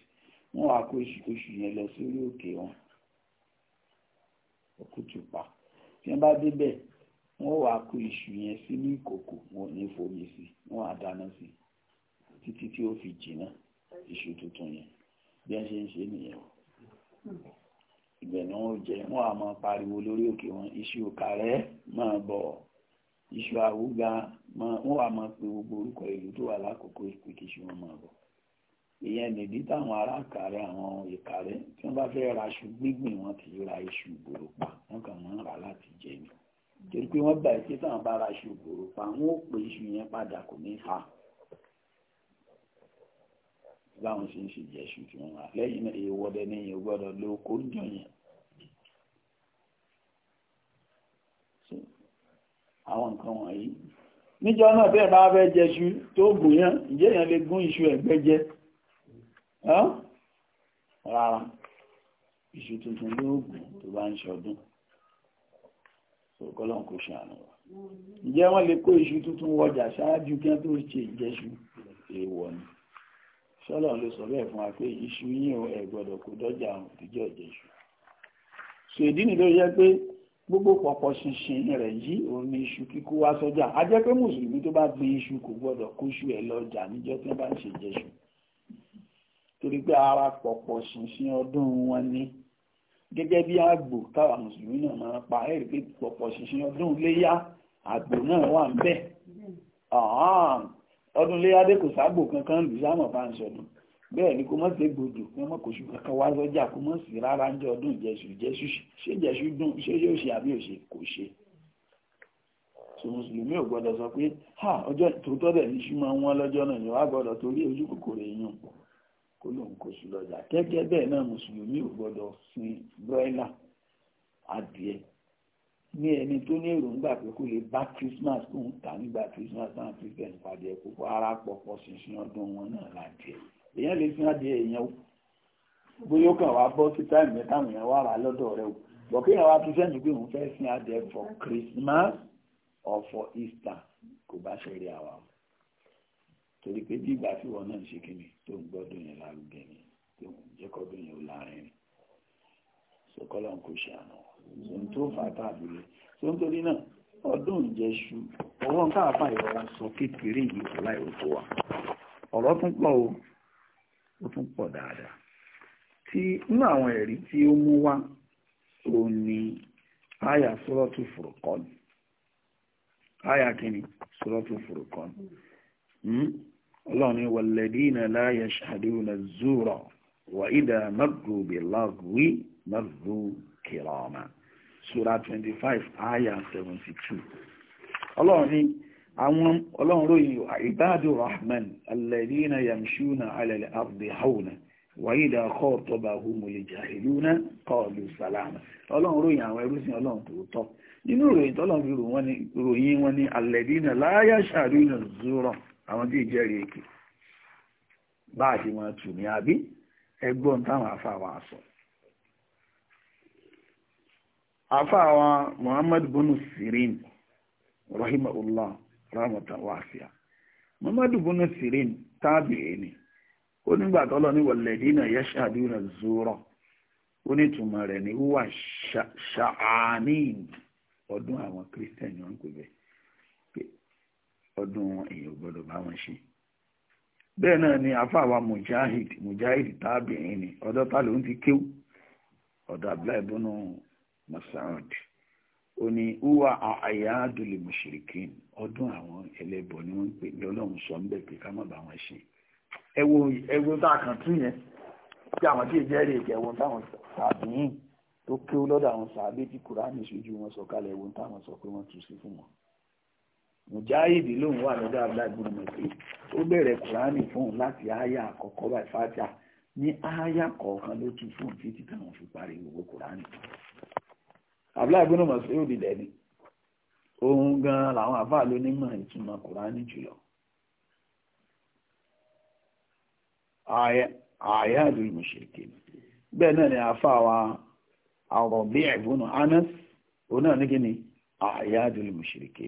wọ́n wá kó yẹn lọ sórí òkè wọn òkútù pa tí wọ́n bá débẹ̀ wọ́n wàá kó iṣu yẹn sínú ìkòkò wọn ò ní fomi sí wọ́n á dáná sí títí tí ó fi jìnnà iṣu tuntun yẹn bí wọ́n ṣe ń ṣe nìyẹn o ibẹ̀ ni wọ́n jẹ wọ́n á máa pariwo lórí òkè wọn iṣu kàrẹ́ máa bọ̀ iṣu àwùgá wọ́n á máa pe gbogbo orúkọ ìlú tó wà lákòókò ìpèkìṣu wọn máa bọ̀ ìyẹn nìdí táwọn ará kàrẹ àwọn ìkàrẹ tí wọ́n bá fẹ́ ra aṣù gbígbìn wọn ti ra iṣu gbòòrò pa wọ́n kàn máa ń rà láti jẹ ni torí pé wọ́n gbà pé táwọn bá ra aṣù gbòòrò pa wọ́n ó pe iṣu yẹn padà kò ní ha báwọn ṣe ń ṣe jẹ iṣu tí wọ́n rà lẹ́yìn náà èèwọ̀dẹ ní ìyẹn gbọ́dọ̀ ló kó ń jọ yẹn àwọn nǹkan wọ̀nyí níjọ náà bẹ́ẹ̀ bá fẹ́ jẹ iṣu tó gùn yẹn ìjẹ́yàn lè gún iṣu ẹ̀gbẹ́ jẹ rárá iṣu tuntun yóò gùn tó bá ń ṣọdún ọgọ́lọ́n kò ṣe àánú wa ǹjẹ́ wọ́n lè kó iṣu tuntun wọjà ṣáájú kí wọ́n tó ṣe ìjẹ́ṣu èèwọ̀ ni sọ́lọ̀ ló sọ bẹ́ẹ̀ fún wa pé iṣu yín ẹ gbọ́dọ̀ kó dọ́jà àwọn òdìjọ́ ìjẹ́ṣu so ìdí ni ló yẹ pé gbogbo pọ̀pọ̀ ṣinṣin rẹ̀ yìí òun ni iṣu kíkó wá sọ́jà a jẹ́ pé mùsùlùmí tó bá gbin iṣu kò gbọ́dọ̀ kó iṣu ẹ̀ lọ́jà níjọ́ tí wọ́n bá ń ṣe ìjẹ́ṣu torí pé ara pọ̀pọ̀ ṣìnṣìn ọdún wọn ni gẹ́gẹ́ bí àgbò táwa mùsùlùmí náà máa pa ẹ̀rí pé pọ̀pọ̀ ṣìnṣìn ọdún léyà àgbò náà wà ń bẹ̀ ọdún léyà dé kò ságbò kankan lù sámọ̀ bá ń sọdún bẹ́ẹ̀ ni kò mọ̀ sí gbòdò kí wọ́n mọ̀ kò ṣùgbọ́n kan wá sọ́jà kò mọ̀ sí rárá ń jẹ́ ọdún ìjẹsù ìjẹsù ṣé ìjẹsù dùn ṣé yóò ṣe àbí òṣè kò ṣe so mùsùlùmí ò gbọ́dọ̀ sọ pé ha ọjọ́ tòótọ́ dẹ̀ ní ṣúmọ́ wọn lọ́jọ́ náà ni wàá gbọ́dọ̀ torí ojú kòkòrò èèyàn pọ̀ kó lóun kó sí lọ́jà gẹ́gẹ́ bẹ́ẹ̀ náà mùsùlùmí ò gbọ́dọ̀ sin bírọ́ìlà adìẹ ní ẹni tó ní èròǹgbà pé kó lè bá Christmas kó ń tà nígbà Christmas náà Christian pàdé kókó ara pọ̀pọ̀ ṣinṣin ọdún wọn náà ládìẹ èèyàn lè sin adìẹ èèyàn o bóyá ó kàn wá bọ́ sí táìmù táwọn èèyàn wà rà lọ́dọ̀ rẹ o bọ̀ kí èèyàn wá tún sẹ́ni pé òun fẹ́ sin adìẹ for Christmas or for Easter kò bá ṣe rí àwa torí pé bí ìgbà tí wọn náà ṣe kíni tó ń gbọ́dún yẹn lárugẹ ni tó ń jẹ́ kọ́dún yẹn ó láàrin ni sọkọ́lọ́ ń kó ṣe àná ohun tó fà á tàbí rẹ̀ tó ń torí náà ọdún ìjẹṣu ọwọ́ ń káàpá ìrora sọ kékeré yìí kò láì òkú wa ọ̀rọ̀ tún pọ̀ o ó tún pọ̀ dáadáa tí nínú àwọn ẹ̀rí tí ó mú wá ó ní àyà sọ́rọ́tù fùrùkọ́ni àyà kíni sọ́rọ́tù fùrùkọ́ni ọlọ́run ní walladina la yashhaduna zura wa idha marru bil lagwi marru kirama sura twenty five aya seventy two ọlọ́run ní àwọn ọlọ́run ròyìn ibadu rahman alladina yamshuna ala al-ardi hawna wàyídà kọ́ tọba ahùnmò ìjàhìlú náà kọlù sàlámà ọlọ́run ròyìn àwọn ẹrúsìn ọlọ́run tòótọ́ nínú ìròyìn tọ́lọ́run fi ròyìn wọn ní alẹ́dínà láyà ṣàríyàn zúrọ̀ àwọn tí ìjẹ́rìí èkè bá àti wọn tù ní àbí ẹgbọ́n táwọn afáwọn àsọ afáwọn Muhammad bunu Sirin rahimahullah rahmatan wasi'a Muhammad bunu Sirin tábìlì ni ó nígbà tọ́lọ́ ní walladina yashhaduna zura ó ní ìtumọ̀ rẹ̀ ní wúwà ṣàánì ọdún àwọn kírísítẹ̀nì wọn pè bẹ́ẹ̀ ọdún èèyàn gbọ́dọ̀ bá wọn ṣe bẹ́ẹ̀ náà ni afáwa mujahid mujahid tábìrin ni ọ̀dọ̀ ta ló ń ti kéwú ọ̀dọ̀ abdullahi bọ́nù masaud ó ní uwa àyàdùlẹ̀ mushrikin ọdún àwọn ẹlẹ́bọ̀ ni wọ́n ń pè lọ́lọ́run sọ ń bẹ̀ pé ká má bá wọn ṣe ẹwo ẹwo tá a kàn tún yẹn tí àwọn tí ìjẹ́rì ìjẹ́wọ́ táwọn sàbíyìn tó kéwú lọ́dọ̀ àwọn sàbí tí kùránì ṣojú wọn sọ kalẹ̀ ẹwo táwọn sọ pé wọ́n tún sí fún wọn mujahid lòun wà lọ́dọ̀ abdulhamid mọ̀sí ó bẹ̀rẹ̀ kùránì fún láti aya àkọ́kọ́ báyìí fàtíà ní aya kọ̀ọ̀kan ló tún fún un títí táwọn fi parí gbogbo kùránì abdulhamid mọ̀sí ó dìde ni òun gan làwọn àfáà lónímọ̀ ìtumọ̀ kùránì jùlọ àyà àdúrà mùsùlùmí bẹ́ẹ̀ náà ni àfáà wa àrọ̀bí ẹ̀bùnú anas òun náà ní kí ni àyà àdúrà mùsùlùmí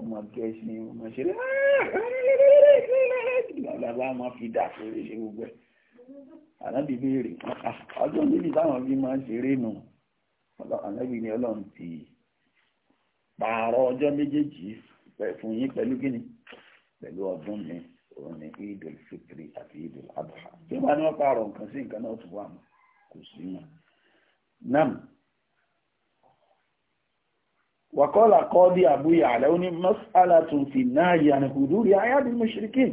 ọmọ gẹ̀ẹ́sì ọmọ ṣeré ah, lábá máa fi dà sórí ṣe gbogbo ẹ̀ ànábì béèrè ah, ọjọ́ níbi táwọn bí máa ṣeré nù ànábì ni ọlọ́run ti pààrọ̀ ọjọ́ méjèèjì fún yín pẹ̀lú kíni pẹ̀lú ọdún mi òun ni idul fitri àti idul adha tí wọ́n ní wọ́n pààrọ̀ nǹkan sí nǹkan náà tún wà mọ́ kò sí mọ́ náà wàkọ́lá kọ́ dí àbúyà rẹ̀ ó ní mọ́sálà tún fi náà yà ní kùdú rí ayádi mọ́ṣíríkì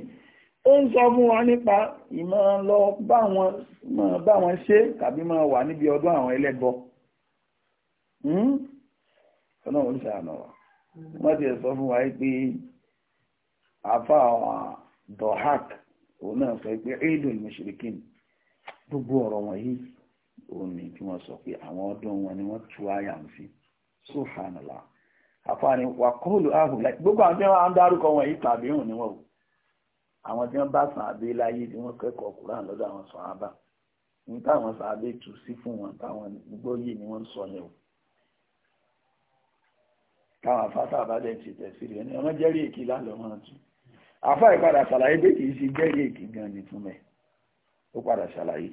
ó ń sọ fún wa nípa ìmọ̀ lọ bá wọn ṣe tàbí máa wà níbi ọdún àwọn ẹlẹ́bọ ọ̀nà oríṣà àná wa wọ́n ti sọ fún wa pé àfa àwọn gbogbo ọ̀rọ̀ wọ̀nyí òun ni tí wọ́n sọ pé àwọn ọdún wọn ni wọ́n tú àyà ń fi subhanallah àfààní wàkóòlù ahùlá gbogbo àwọn tí wọ́n ń dárúkọ wọn yìí tàbí hùn ni wọ́n o àwọn tí wọ́n bá sàn àbí láyé tí wọ́n kẹ́kọ̀ọ́ kúrán lọ́dọ̀ àwọn sàhábà ní táwọn sàábé tù sí fún wọn táwọn gbogbo yìí ni wọ́n ń sọ yẹn o káwọn afáfá àbájẹ ti tẹ̀sí rẹ̀ ní ọmọ jẹ́rí èkì lálọ́ wọn tún afá ìpadà ṣàlàyé bẹ́ẹ̀ kì í ṣe jẹ́rí èkì gan-an ni fún mẹ́ ó padà ṣàlàyé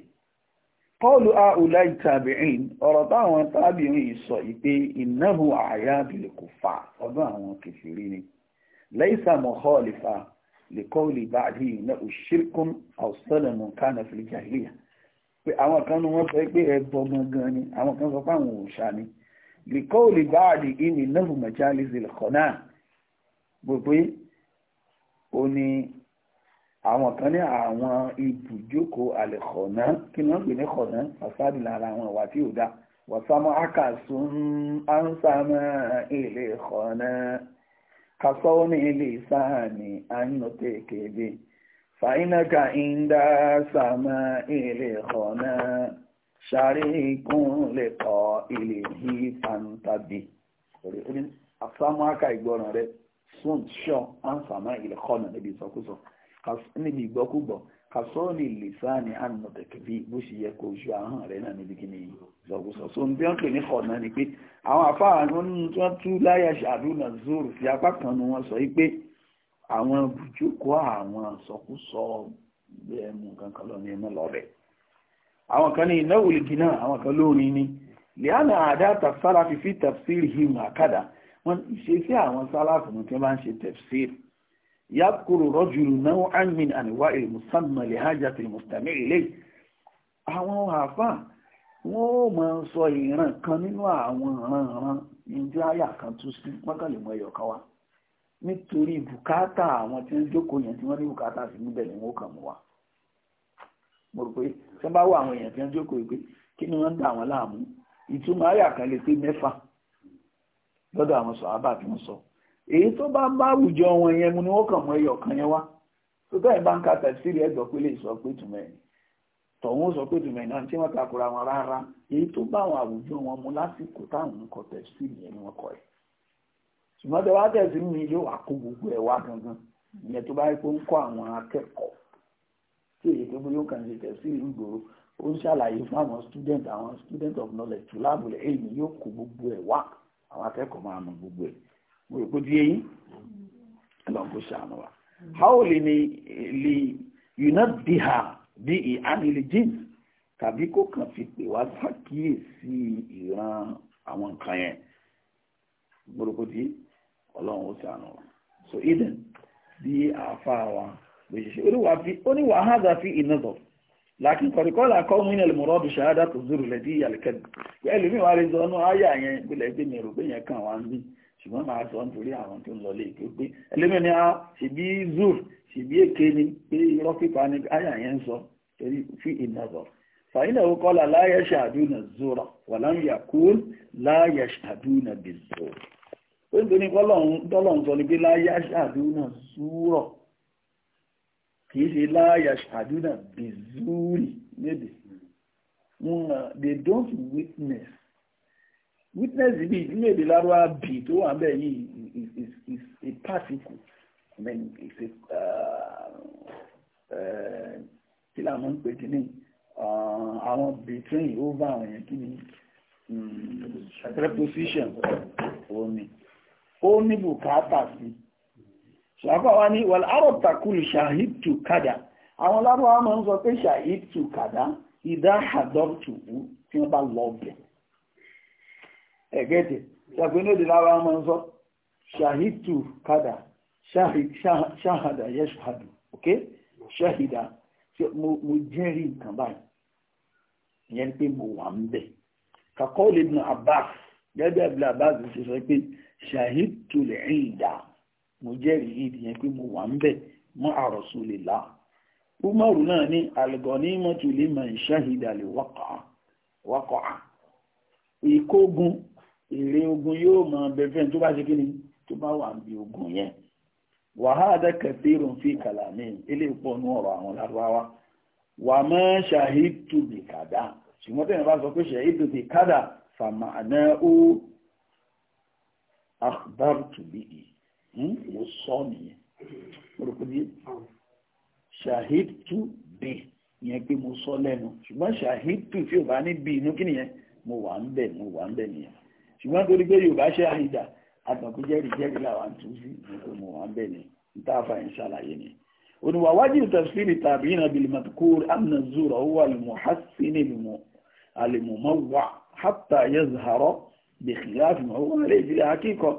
kọlu a ọlá ìtàbíìn ọ̀rọ̀ táwọn tábìrin yìí sọ ìpé ìnáhù àyà bìlẹ̀ kò fà ọdún àwọn kèfèrí ni lẹ́yìnsà mọ̀họ́ lè fa lè kọ́ọ̀lì bá àdéhùn náà òṣìṣẹ́kùn àwòsànlẹ̀mù kánà fìlẹ̀ jàhílíyà pé àwọn kan ní wọ́n àwọn kan ní àwọn ibùjókòó àlẹ̀kọ̀ọ́ná kí wọ́n pè ní kọ̀ọ́ná fàṣádì lára àwọn ìwà tí ò dáa wàsámọ́ àkàsùn ánsámọ́ ilé kọ̀ọ́ná kasọ́ ní ilé sáàni àyínútẹ́ kéde fàínàkà ìndá sàmọ́ ilé kọ̀ọ́ná ṣàríkún lẹ́kọ̀ọ́ ilé yìí fàǹtàbí àsámọ́ àkà ìgbọràn rẹ̀ sùn ṣọ́ ánsámọ́ ilé kọ̀ọ́ná níbi ìsọkúsọ níbi ìgbọ́kúgbọ̀ kàsọ́ọ̀lì lìsáàni ànàtẹ̀kẹ̀bí bó ṣe yẹ kó oṣù ahọ́n rẹ̀ náà níbi kíni ìsọ̀gùsọ̀ so n bí wọ́n pè ní kọ̀ọ̀nà ni pé àwọn àfáà wọn tí wọ́n tú láyà ṣàdúnà zoro sí apá kan ni wọ́n sọ pé àwọn bùjókòó àwọn sọkúsọ ẹmu kankan lọ ní ẹmọ lọrẹ àwọn kan ní ìnáwó lè gínà àwọn kan lórin ni lẹ́yìn àdá tàfsárà fífi tafsir him àkàdà wọn ìṣesí àwọn sálàfù tí wọ́n bá ń ṣe tafsir ya rajulun naw'an min anwa'il musamma li hajatil mustami' ilayh àwọn àáfàá wọn ò máa sọ ìran kan nínú àwọn ìranran ìjọ àyà kan tún kan wá nítorí bùkátà àwọn tí ń jókòó yẹn tí wọ́n ní bùkátà sí níbẹ̀ ni wọ́n kàn mú wa mo rò pé tí wọ́n bá wọ àwọn èèyàn kan lè pé mẹ́fà lọ́dọ̀ àwọn tí wọ́n èyí tó bá bá àwùjọ wọn yẹn mu ni wọ́n kàn mọ́ ẹyọ kan yẹn wá tó bá ń ka tẹ̀síìrì ẹ̀dọ̀ pé lè sọ pé tùmẹ̀ tọ̀hún sọ pé tùmẹ̀ náà tí wọ́n takora wọn rárá èyí tó bá àwọn àwùjọ wọn mu lásìkò táwọn ń kọ tẹ̀síìrì yẹn ni wọ́n kọ ẹ̀ ṣùgbọ́n yóò wá kó gbogbo ẹ̀ wá gangan tó bá yẹ kó àwọn akẹ́kọ̀ọ́ kò di eyín ẹlọ́nkó ṣàánú wa how lè ní lè yunadiha bí ìhánilè jíǹsì tàbí kó kàn fi pè wá sàkíyèsí ìran àwọn nǹkan yẹn gbọ́dọ̀kọ́ di ọlọ́run ó ṣàánú wa so eden bí àáfàá wa lè ṣe ó ní wàhálà fi ìnàdọ̀ lakin kọ̀ríkọ́lá kọ́ mú ilẹ̀ mọ̀rọ́dù ṣàádà tó zúrù lẹ́dí ìyàlẹ́kẹ́dù ẹlòmíwárí zọ́nú áyà yẹn gbélẹ̀ gbé mi rò wá ń bí ṣùgbọ́n màá sọ nítorí àwọn tó ń lọ léèké pé ẹlẹ́mìí ni a ṣèbí zur ṣèbí èké ni pé irọ́ pípa ni àyà yẹn ń sọ torí fi ìnàzọ̀ fàyínà ó kọ́lá láyé ṣàdúnà zura wà láyé yàkúl láyé ṣàdúnà bìzọ̀ ó ń tó ní tọ́lọ̀n sọ ni pé láyé ṣàdúnà zura kì í ṣe láyé ṣàdúnà bìzúrì níbi they don't witness witness bíi ìdílé èdè lárúbá bì tó wà ń yìí is is a particle i mean it's a uh, uh, kí là máa ń pè kíní uh, àwọn between over àwọn yẹn kíní hmm, preposition òní ó ní bùkátà sí ṣàfà wa ní wàl arọ́tàkùn ṣàhìtù kàdà àwọn lárúbá máa ń sọ pé ṣàhìtù kàdà ìdá àdọ́tù tí wọ́n bá lọ bẹ̀rẹ̀ ẹ̀gẹ́tì ṣàpé ní òdìlára ọmọ ń sọ ṣàhìtù kádà ṣáhàdà yẹ́ṣàdù ok ṣáhìdà mo jẹ́rí nǹkan báyìí ìyẹn pé mo wà ń bẹ̀ kàkọ́ lè dùn abbas gẹ́gẹ́ abúlé abbas ti sọ pé ṣàhìtù lè rí ìdá mo jẹ́rí ìdí yẹn pé mo wà ń bẹ̀ mọ́ àròsù lè lá umaru náà ní alìgọ́ní mọ́tò lè mọ̀ ṣáhìdà lè wákọ̀ọ́ ìkógun èrè ogun yóò mọ bẹfẹ tó bá ṣe kí ni tó bá wà níbi ogun yẹn wàhálà kẹfẹ ìrònfin kàlámì eléyìí pọ̀ nú ọ̀rọ̀ àwọn lárúbáwá wà mọ ṣàhìtù bì kàdá ṣùgbọ́n tẹ̀yìn bá sọ pé ṣàhìtù bì kàdá fàmà náà ó àbárùtù bì í mo sọ nìyẹn mo rò pé bí ṣàhìtù bì yẹn pé mo sọ lẹ́nu ṣùgbọ́n ṣàhìtù tí ò bá ní bì inú kí nìyẹn mo wà ń bẹ̀ mo wà ń bẹ̀ nìyẹn ṣùgbọ́n torí pé yorùbá ṣe àìdá àgbàkú jẹ́rìí jẹ́rìí làwọn tún sí ìlú mọ̀ wọn bẹ́ẹ̀ ni níta àfààní ṣàlàyé ni. oníwà wájú tafsiri tàbí iná bíi madkur amna zura huwa almuhassini alimumawwa hatta yazharo bi khilafi ma huwa alayhi fil haqiqa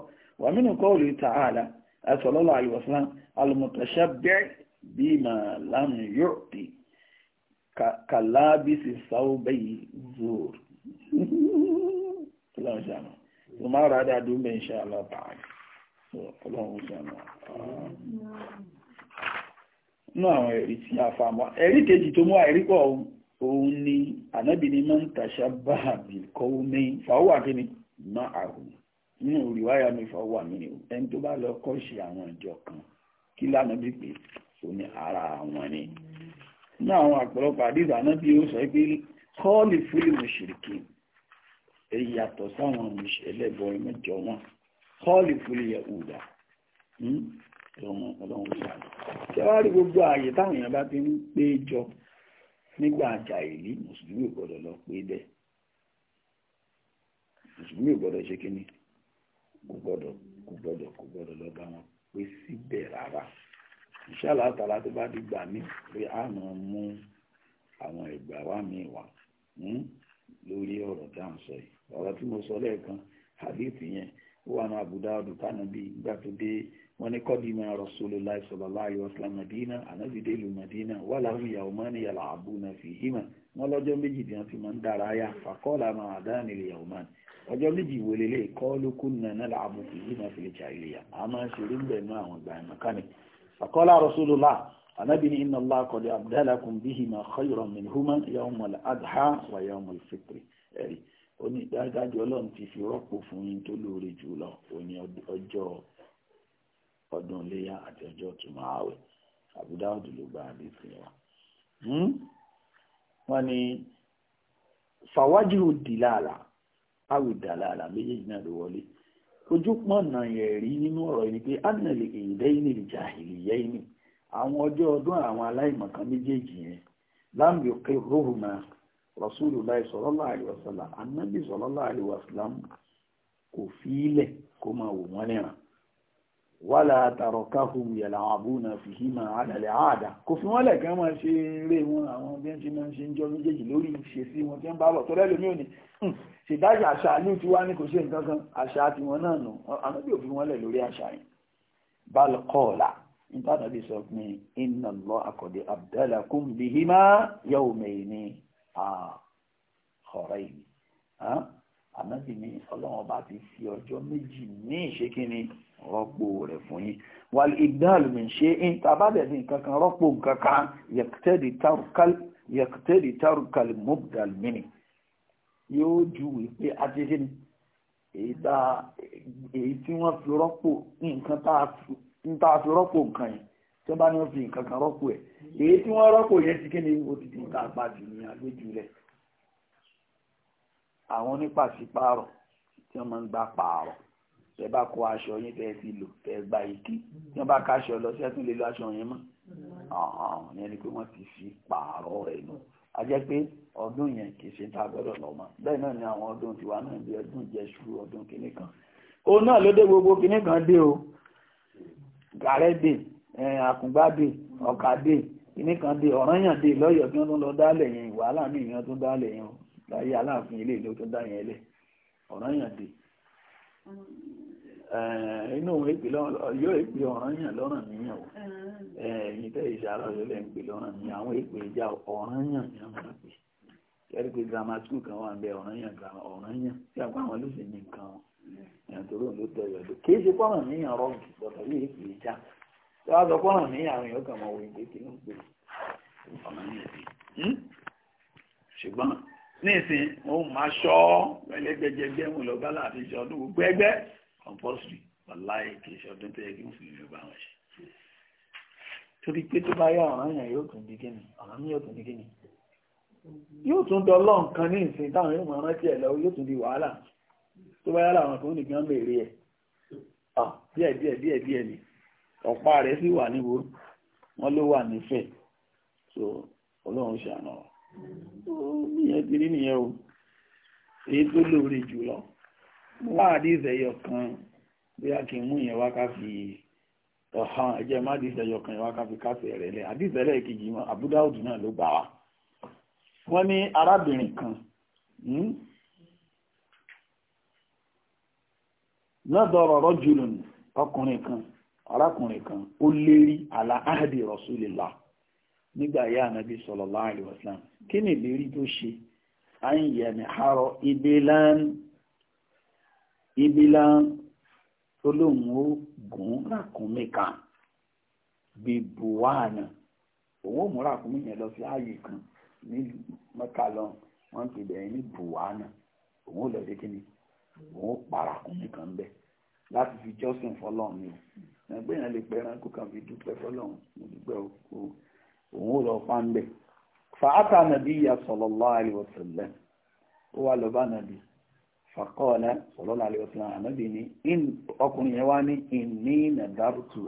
wa minhu qawli ta'ala sallallahu alayhi wa sallam almutashabbi' bima lam yu'ti kalabisi sawbi ọlọ́run ṣàánú tó máa rà dáadó ń bẹ̀ ń ṣe aláàbàáyé ọlọ́run ṣàánú nínú àwọn ẹ̀rí tí a fa mọ́ ẹ̀rí kejì tó mú àìrí pọ̀ òun ni ànábì ni máa ń tàṣà bá àbìkọ́ omi fàáwà kí ni má àrùn nínú ìwáyà mi fàáwà mi ni ẹni tó bá lọ kọ́ ṣe àwọn ìjọ kan kí lánàá bí pé ó ní ara àwọn ni nínú àwọn àpọ̀lọpọ̀ àdìsí ànábì ó sọ pé kọ́ọ̀lì fúlì mùṣìríkí ẹ yàtọ̀ sáwọn ẹlẹ́bọ ẹmẹjọ wọn kọ́ọ̀lì fúlẹ̀ yẹ̀húdà hmm? ọlọ́run ìlànà tí wọ́n rí gbogbo ààyè táwọn èèyàn bá ti ń pé jọ nígbà jàìlì mùsùlùmí ò gbọ́dọ̀ lọ pé bẹ́ẹ̀ mùsùlùmí ò gbọ́dọ̀ ṣe kínní kò gbọ́dọ̀ kò gbọ́dọ̀ kò gbọ́dọ̀ lọ bá wọn pé síbẹ̀ rárá ìṣàlá àtàlà tó bá di gbà mí pé a máa mú àwọn ìgbà wá mi hmm, wà lórí ọ̀rọ̀ tá à ọ̀rọ̀ tí mo sọ lẹ́ẹ̀kan hadith yẹn ó wà ní Abu Dawud tánàbí ìgbà tó dé wọ́n ní kọ́dìmọ̀ Rasulullahi sallallahu alaihi wasallam Madina ànábìdé ìlú Madina wà láwọn ìyàwó máa ní yàrá àbú náà fi hímà wọ́n lọ́jọ́ méjì tí wọ́n fi máa ń dára yá fàkọ́lá máa àdáni lè yàwó máa ọjọ́ méjì wo lélẹ̀ kọ́ ló kú nàná làbù fi hímà fi lè jàìlìyà a máa ń ṣeré ńbẹ̀ nú àwọn ìgbà ìmọ̀kánì fàkọ́lá Rasulullah inna Allah qad abdalakum bihima khayran minhuma yawmal adha wa yawmal fitri onídájọ́ ọlọ́run ti fi rọ́pò fún yín tó lóore jù lọ òní ọjọ́ ọdún iléyà àti ọjọ́ ìtúmọ̀ ààwẹ̀ àbúdáwọ̀dù ló gba àdéhùn wa. Hmm? wọ́n ní fàwájú dìláàlà àwì dàláàlà méjèèjì náà ló wọlé ojú pọ̀nà yẹn rí nínú ọ̀rọ̀ yìí pé ánàlè èdèyìnì jàhìlìyẹ́yìnì àwọn ọjọ́ ọdún àwọn aláìmọ̀kan méjèèjì yẹn láǹbì òkè róhùnmá Rasulullah sallallahu alaihi wasallam anábì sallallahu alaihi wasallam kò fi ilẹ̀ kó máa wò wọ́n níran wàlá tarakahum yal'abuna fihima ala al'ada kò fi wọ́n lẹ̀kẹ́ máa ṣe eré wọn àwọn bí wọ́n ṣe máa ń ṣe ń jọ méjèèjì lórí ìṣe sí wọn tí wọ́n bá bọ̀ tọ́lẹ́ lómi òní hmm, ṣèdájì àṣà ní tiwa ní kò ṣe nǹkan kan àṣà tiwọn náà nù anábì ò fi wọ́n lẹ̀ lórí àṣà yìí bal qala nípa tàbí sọ pé inna Allah qad abdalakum bihima yawmayni àkọ̀rẹ́ yìí ànábì ni ọlọ́run ọba ti fi ọjọ́ méjì ní ìṣekínni rọ́pò rẹ̀ fún yín wàl ìgbàlù mi ṣe ń tabadẹ̀ ní nǹkan kan rọ́pò nǹkan kan yẹ̀kẹ́tẹ̀rì tarukal mubdal mini yóò ju wípé adéṣe ni èyí tí wọ́n fi rọ́pò nǹkan tá a fi rọ́pò nǹkan yẹn tó bá ní wọ́n fi nǹkan kan rọ́pò ẹ̀ èyí tí wọ́n rọ́pò yẹn ti kí ni ó ti di nǹkan àpàjù ní agbójúlẹ̀ àwọn onípàṣípààrọ̀ tí wọ́n máa ń gbà pààrọ̀ tẹ bá kó aṣọ yín tẹ ti lò tẹ gba ìkí tí wọ́n bá káṣọ lọ sí ẹtún lè lo aṣọ yẹn mọ́ ọ̀hún yẹn ni pé wọ́n ti fi pààrọ̀ rẹ̀ nù a jẹ́ pé ọdún yẹn kì í ṣe tá gbọ́dọ̀ lọ mọ́ bẹ́ẹ̀ náà ni àwọn ọdún tiwa náà bí ọdún jẹ́ṣu ọdún kìnnìkan òun náà ló dé gbogbo kìnnìkan dé o gàrẹ́dè Eh, àkùngbádé ọ̀kadé ìníkandé ọ̀ranyàndé lọ́yọ̀ kí wọ́n lọ dálẹ̀ yẹn wàhálà ní ìyẹn tó dálẹ̀ yẹn láyé aláàfin ilé ìlú tó dá yẹn lẹ̀ ọ̀ranyàndé eh, inú òun èpè yóò èpè lọ́ràn o eh, tẹ́ ń pè lọ́ràn àwọn èpè ìjà ni wọ́n máa pè kẹ́rì pé grammar school kan wà ń bẹ ọ̀ranyàn grammar ọ̀ranyàn tí àpá àwọn olóṣèlú nìkan ló lọ kì í ṣe lọ́tọ̀ yóò èpè tí wọ́n sọ pọ́nrán ní àwọn èèyàn kan mọ̀ wò ìgbé kí ló ń pè ọmọ ní ìsìn ṣùgbọ́n ní ìsìn wọn máa ṣọ́ ẹlẹ́gbẹ́jẹgbẹ́ wọn lọ bá láàfin ṣe ọdún gbogbo compulsory ọ̀láì kì í ṣe ọdún tó yẹ kí mùsùlùmí bá wọn ṣe torí pé tó bá yá ọ̀ràn yẹn yóò tún di kíni ọ̀ràn yóò tún di kíni yóò tún dọ lọ́n kan ní ìsìn táwọn yóò máa rántí ẹ̀ lọ yóò tún di wàhálà tó bá yá làwọn kan nìkan béèrè ni ọ̀pá rẹ̀ sì wà níbo wọ́n ló wà nífẹ̀ẹ́ so ọlọ́run ṣàánà nìyẹn ti o èyí tó lóore jùlọ wá àdìsẹ̀ ẹyọ kan bóyá kí n mú yẹn wá ká fi ọ̀hán ẹ̀jẹ̀ má kan wá ká fi rẹ̀ lẹ̀ kejì àbúdáwùdù náà ló gbà wá wọ́n ní kan hmm? arákùnrin kan ó lérí àlà áhàdì rasulillah nígbà yá ànábì sallallahu alaihi wasallam kí ni ìlérí tó ṣe à ń yẹ̀mí àárọ̀ ibilan ibilan olóhùn ó gùn ràkúnmí kan bíbuwáàna òun ò mú ràkúnmí yẹn lọ sí ààyè kan ní mẹ́ka lọ́n wọ́n ti bẹ̀rẹ̀ ní buwáàna òun ò lọ sí kíni òun ó pa ràkúnmí kan bẹ́ẹ̀ láti fi jọ́sìn fọlọ́ọ̀ mi ẹgbẹ́ yẹn lè pẹ́ ẹranko kan fi dúpẹ́ fọlọ́run mo dúpẹ́ òkú òun ò lọ pa ń bẹ̀. fàátà nàbí ìyá sallallahu alaihi wasallam ó wá lọ bá nàbí fàkọ́ọ̀lá sallallahu alaihi wasallam ànábì ní ọkùnrin yẹn wá ní ìní nàdàrútù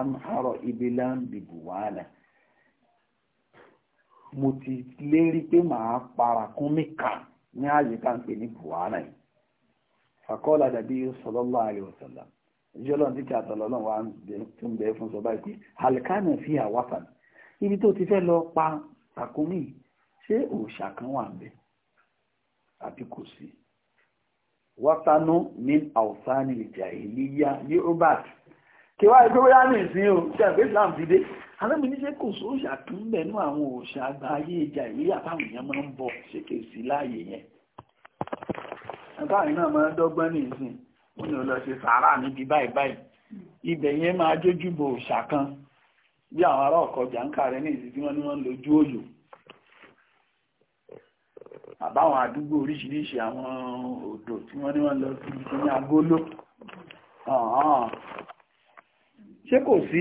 amhárọ̀ ibilan bibuwala mo ti lérí pé màá para kún mi kà ní àyíká ń pè ní buwala yìí fàkọ́ọ̀lá dàbí sallallahu alaihi wasallam ìjọlọ́n títí àtọ̀lọ́lọ́n wa tó ń bẹ fún sọ báyìí pé alikana fi àwáfàn ibi tó ti fẹ́ lọ pa àkúnmí ṣé òòṣà kan wà ń bẹ àbí kò sí wátánú ní àwùsánì ìjà ìlíyá ní robert kí wá ìgbé wáyá ní ìsìn o ṣe àgbé islam ti dé alámi níṣẹ́ kò sóòṣà tó ń bẹ nú àwọn òòṣà àgbà ayé ìjà ìlíyá táwọn èèyàn máa ń bọ ṣe kèsì láàyè yẹn àbáyé náà máa dọ́gbọ́n ní ìsìn ó ní lọ ṣe sàárà níbi báyìí báyìí ibẹ̀ yẹn máa jójúbọ òòṣà kan bí àwọn ará ọkọ̀ jàǹkà rẹ ní ìsìtí wọn ni wọ́n lójú òyò àbáwọn àdúgbò oríṣiríṣi àwọn odò tí wọ́n ní wọ́n lọ sí ní agolo ṣé kò sí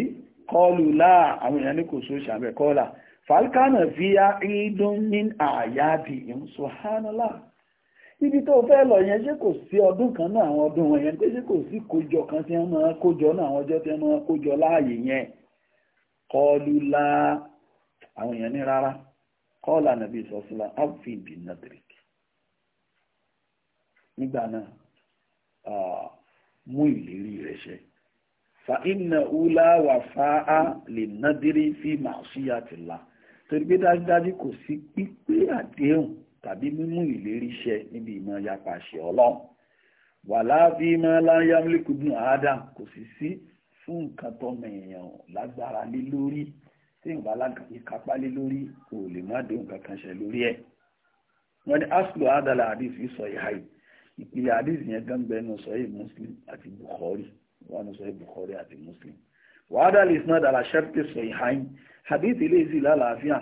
kọlù láà àwọn èèyàn ní kò só ṣàbẹ̀ kọlà falkana fi ya idun min àyàbì ìmúṣọ́ hánàláà ibi tó fẹ́ lọ yẹn ṣé kò sí ọdún kan náà àwọn ọdún wọn yẹn pé kò sí kan tí wọ́n máa kójọ náà àwọn ọjọ́ tí máa kójọ láàyè yẹn kọlu la àwọn èèyàn ní rárá kọ́ọ̀lá nàbí ìsọ̀sílá áfì bí nàdìrìkì nígbà náà mú ìlérí fa iná ula wà fa á lè fi màá sí àtìlá torí pé dájúdájú tàbí mímú ìlérí ṣẹ níbi ìmọ̀ yapa ṣe ọlọ́run wàlá bí máa láyá mílíkùbùn adam kò sì sí fún nǹkan tọmọ èèyàn lágbára lé lórí tí ìwà ìkápá lé lórí kò lè má dé nǹkan kan ṣe lórí ẹ̀ wọ́n ní aslu adala hadith fi sọ ìhà yìí ìpìlẹ̀ hadith yẹn gánbẹ́ nù sọ yìí muslim àti bukhari wọ́n nù sọ yìí bukhari àti muslim wàhádà lè sinadà àlàṣẹ́ pèsè ìhà yìí hadith ilé ìsìn lálàáfíà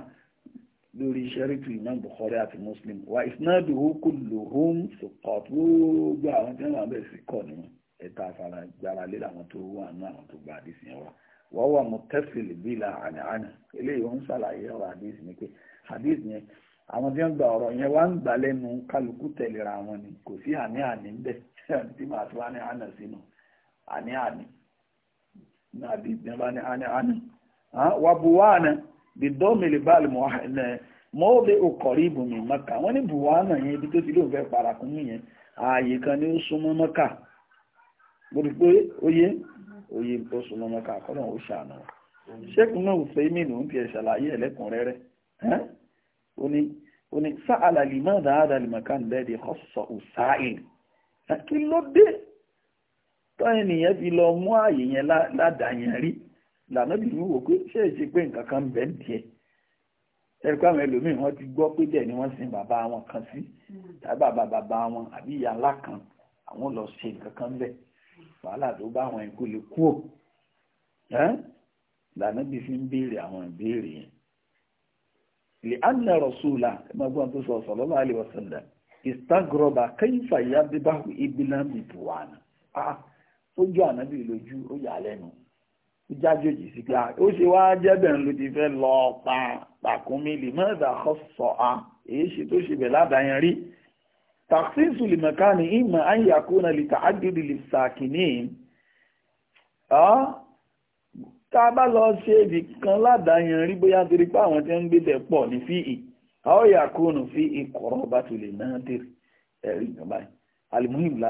lórí sẹ́ríkì imam bukhari àti muslim wa isnaduhu kulluhum thiqat gbogbo àwọn tí wọ́n bẹ̀ sí kọ́ ni ẹ̀ta àfàrà gbára lé àwọn tó wà nínú àwọn tó gba àdìsí yẹn wá wọ́n wà mọ̀tẹ́sìlì bíi la àná-àná eléyìí wọ́n ń ṣàlàyé ọ̀rọ̀ àdìsí ni pé àdìsí yẹn àwọn tí wọ́n gba ọ̀rọ̀ yẹn wá ń gbà lẹ́nu kálukú tẹ̀lera wọn ni kò sí àní-àní ń tí màá tún àní-àná sínú àní-àní nàbí ìgbẹ́ àní-àní bìdọ́mìlì báàlì mọ́ọ́lẹ̀ òkọ̀rí ìbùnmí mọ́kà wọ́n ní bùhánà yẹn ibi tó ti lóun fẹ́ parakún yẹn ààyè kan ni ó súnmọ́ mọ́kà mo rí pé oyé oyé tó súnmọ́ mọ́kà kọ́nà ó ṣàánú ṣẹ́kùn náà fẹ́ mí lòún tiẹ̀ ṣàlàyé ẹ̀lẹ́kùnrẹ́rẹ́ ó ní ó ní sáàlà lìmọ́dà àdàlìmọ̀ká ńlẹ́dẹ̀ ọ̀sọ̀ òsáìn kí ló dé tọ́ ènìyàn fi lọ mú ààyè yẹn ládàá yẹn rí lànàbì ń wò pé ṣé èsì pé nǹkan kan bẹ̀ ń tiẹ̀ ẹ̀rí pé ẹlòmíì wọ́n ti gbọ́ pé dẹ̀ ni wọ́n sin bàbá wọn kan sí tàbí bàbá bàbá wọn àbí ìyá ńlá kan àwọn lọ ṣe nǹkan kan bẹ̀ wàhálà tó bá àwọn ẹ̀kọ́ lè kú ò lànàbì fi ń béèrè àwọn ìbéèrè yẹn lè anna rasula ẹgbẹ́ tó sọ sallallahu alaihi wasallam istagroba kayfa yadbahu ibnan bibuwana ah, ó jọ ànábì lójú ó yà lẹ́nu jájòjì sí pé ó ṣe wá jẹ́bẹ̀rún ló ti fẹ́ lọ pa pàkúnmí lè mọ́ ẹ̀dá ọ̀sọ̀ a èyí ṣe tó ṣe bẹ̀ ládàáyẹn rí takhsisu li makani imma an yakuna li ta'addudi li sakinin tá a bá lọ ṣe ibì kan ládàáyẹn rí bóyá torí pé àwọn tí ń gbé bẹ̀ pọ̀ ní fíì a ó yà kóònù bá tó lè náà dèrè ẹ̀rí ìjọba yìí alimuhim la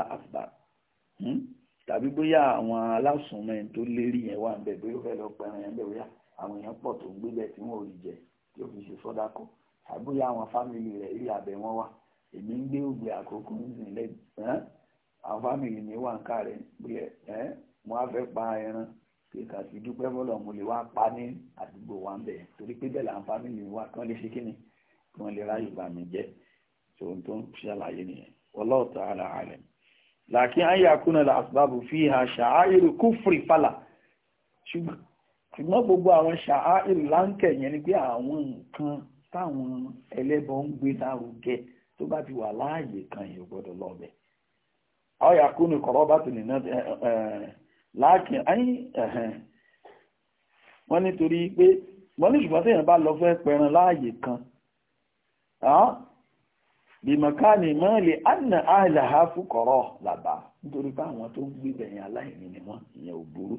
tàbí bóyá àwọn alásùnmọ́ ẹni tó lérí yẹn wà níbẹ̀ bóyá ó fẹ́ lọ pẹran yẹn bẹ́ẹ̀ bóyá àwọn èèyàn pọ̀ tó ń gbé bẹ́ẹ̀ tí wọ́n ò rí jẹ tí ó fi ṣe sọ́dá kọ́ tàbí bóyá àwọn fámìlì rẹ̀ ilé abẹ wọn wà èmi ń gbé ògbé àkókò nílẹ̀ ẹ́n àwọn fámìlì mi wà ń ká rẹ̀ bóyá ẹ́n mo á fẹ́ pa ẹran kí sí dúpẹ́ bọ́lọ̀ mo lè wá pa ní àdúgbò wa ń bẹ̀ torí pé bẹ́ẹ̀ làwọn fámìlì mi wà kí lè ṣe kí ni kí wọ́n lè ráyè bà mí jẹ́ tòun tó ń ṣàlàyé nìyẹn wallahu ta'ala alim lakin an yà kúnà l'asbabu fiha sha'airu kúfrì fàlà ṣùgbọ́n gbogbo àwọn sha'airu láńkẹ̀ yẹn ni pé àwọn nǹkan táwọn ẹlẹ́bọ ń gbé lárugẹ tó bá ti wà láàyè kan yìí gbọ́dọ̀ lọ́bẹ̀ wọ́n nítorí pé wọ́n ní ṣùgbọ́n bá lọ fẹ́ pẹran láàyè kan bìmọ̀kánì mọ́ọ̀lì anna àìlàhà fúkọ̀rọ̀ làbá nítorí pé àwọn tó ń gbé bẹ̀yìn aláìní ni wọ́n ìyẹn ò burú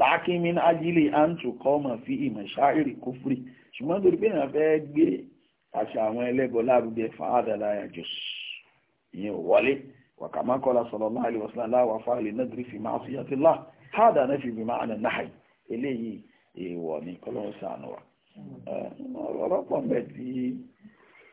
láàkín mi náà ajílẹ̀ àǹtù kọ́mà fi ìmọ̀ ṣáírì kúfúrì ṣùgbọ́n nítorí pé èèyàn fẹ́ gbé àṣà àwọn ẹlẹ́bọ lárugẹ fàádàlá àjò ìyẹn ò wọlé wàkàmá kọ́lá sallallahu alaihi wasallam láwà fáàlì nadri fi ma'siyatillah hádà náà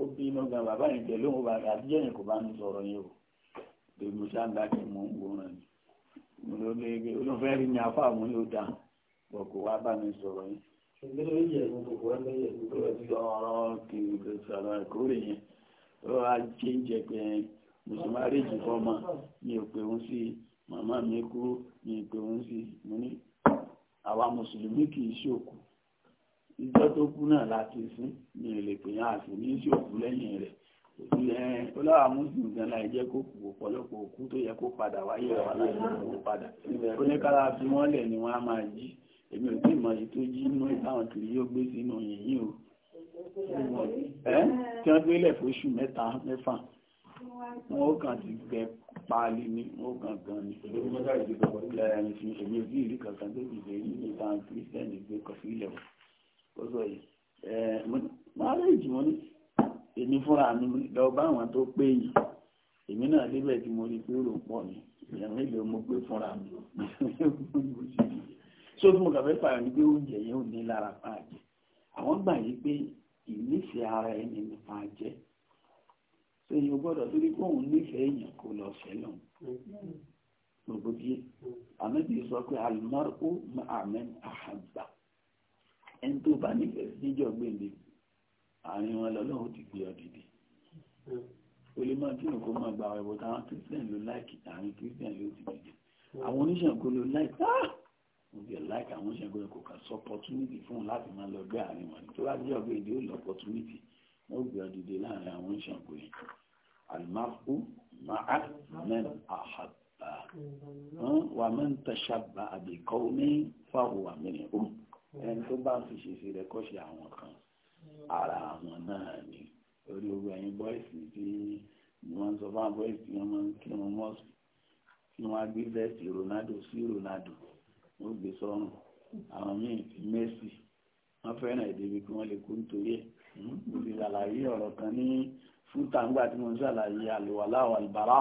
obi bínú gan bàbá yẹn tẹ̀lé òun bá àbíyẹ̀ yẹn kò bá o lèmi mo ṣáàgbá kí mò ń wòran ni mo ya gbé olófẹ́ rí ni afá mo ní ó dá bọ̀ kó wá bá mi sọ̀rọ̀ na ọ̀rọ̀ kìí lè sọ̀rọ̀ ìkórè yẹn ó wá jẹ́ ń jẹ ìjọ tó kú náà láti sún ní ilé pé yàn àti ní sí òkú lẹ́yìn rẹ̀ òbí ẹ ọlọ́wà mùsùlùmí gan la jẹ́ kó kú ọ̀pọ̀lọpọ̀ òkú tó yẹ kó padà wáyé rẹ̀ wá láti kó padà ó ní kára fi wọ́n lẹ̀ ni wọ́n á máa jí èmi ò tí ì mọ èyí tó jí inú ìtàwọn kiri yóò gbé sínú yìnyín o ẹ tí wọ́n gbé lẹ̀ fóṣù mẹ́ta mẹ́fà wọn ó kàn ti gbẹ paálí ni wọn ó kàn gan ni èmi ò tí ì ó sọ yìí ẹ márẹ́jì wọn ni èmi fúnra mi lọ bá àwọn tó pé yìí èmi náà débẹ̀ tí mo rí pé ó rò pọ̀ ni èèyàn mélòó mo pé fúnra mi so tí mo kà fẹ́ fààyàn ni pé oúnjẹ yẹn ò ní lára pààjẹ àwọn gbà yí pé ìnífẹ̀ẹ́ ara ẹni ni pààjẹ́ èyàn gbọ́dọ̀ torí pé òun nífẹ̀ẹ́ èèyàn kò lọ sẹ́lọ̀ mm. gbogbo bíi àmẹ́bí sọ pé almaru ma'amen ahabba ẹni tó bá nífẹ̀ẹ́ sí jíjọ gbèǹde àárín wọn lọ́lọ́run ti gbé ọ dìde o lè máa kírun kó máa gba àwọn ẹ̀bọ̀ táwọn christian ló láìkì àárín christian ló ti dìde àwọn oníṣàngó ló láìkì ah! mo jẹ láìka àwọn oníṣàngó yẹn kò kà sọ opportunity fún un láti máa lọ gbé àárín wọn tó bá jíjọ gbèǹde ó lọ opportunity wọ́n gbé ọ dìde láàrin àwọn oníṣàngó yẹn alimafu ma'a men ahaba, wa man tashabba bi qawmin fa wa mene um ẹni tó bá fi ṣèṣe rẹ̀ kọ́ ṣe àwọn kan ara àwọn náà ni orí owó ẹyin bọ́ìsì tí wọ́n sọ fún bọ́ìsì tí wọ́n kí wọ́n mọ́sù tí wọ́n gbé vẹ́ẹ̀sì Ronaldo sí Ronaldo wọ́n gbé sọ́run àwọn míì ti Messi wọ́n fẹ́ràn èdè ibi kí wọ́n lè kó nítorí ẹ̀ hmm, mo ti ṣàlàyé ọ̀rọ̀ kan ní fúta ńgbà tí mo ń ṣàlàyé àlùwàlá àlùbárà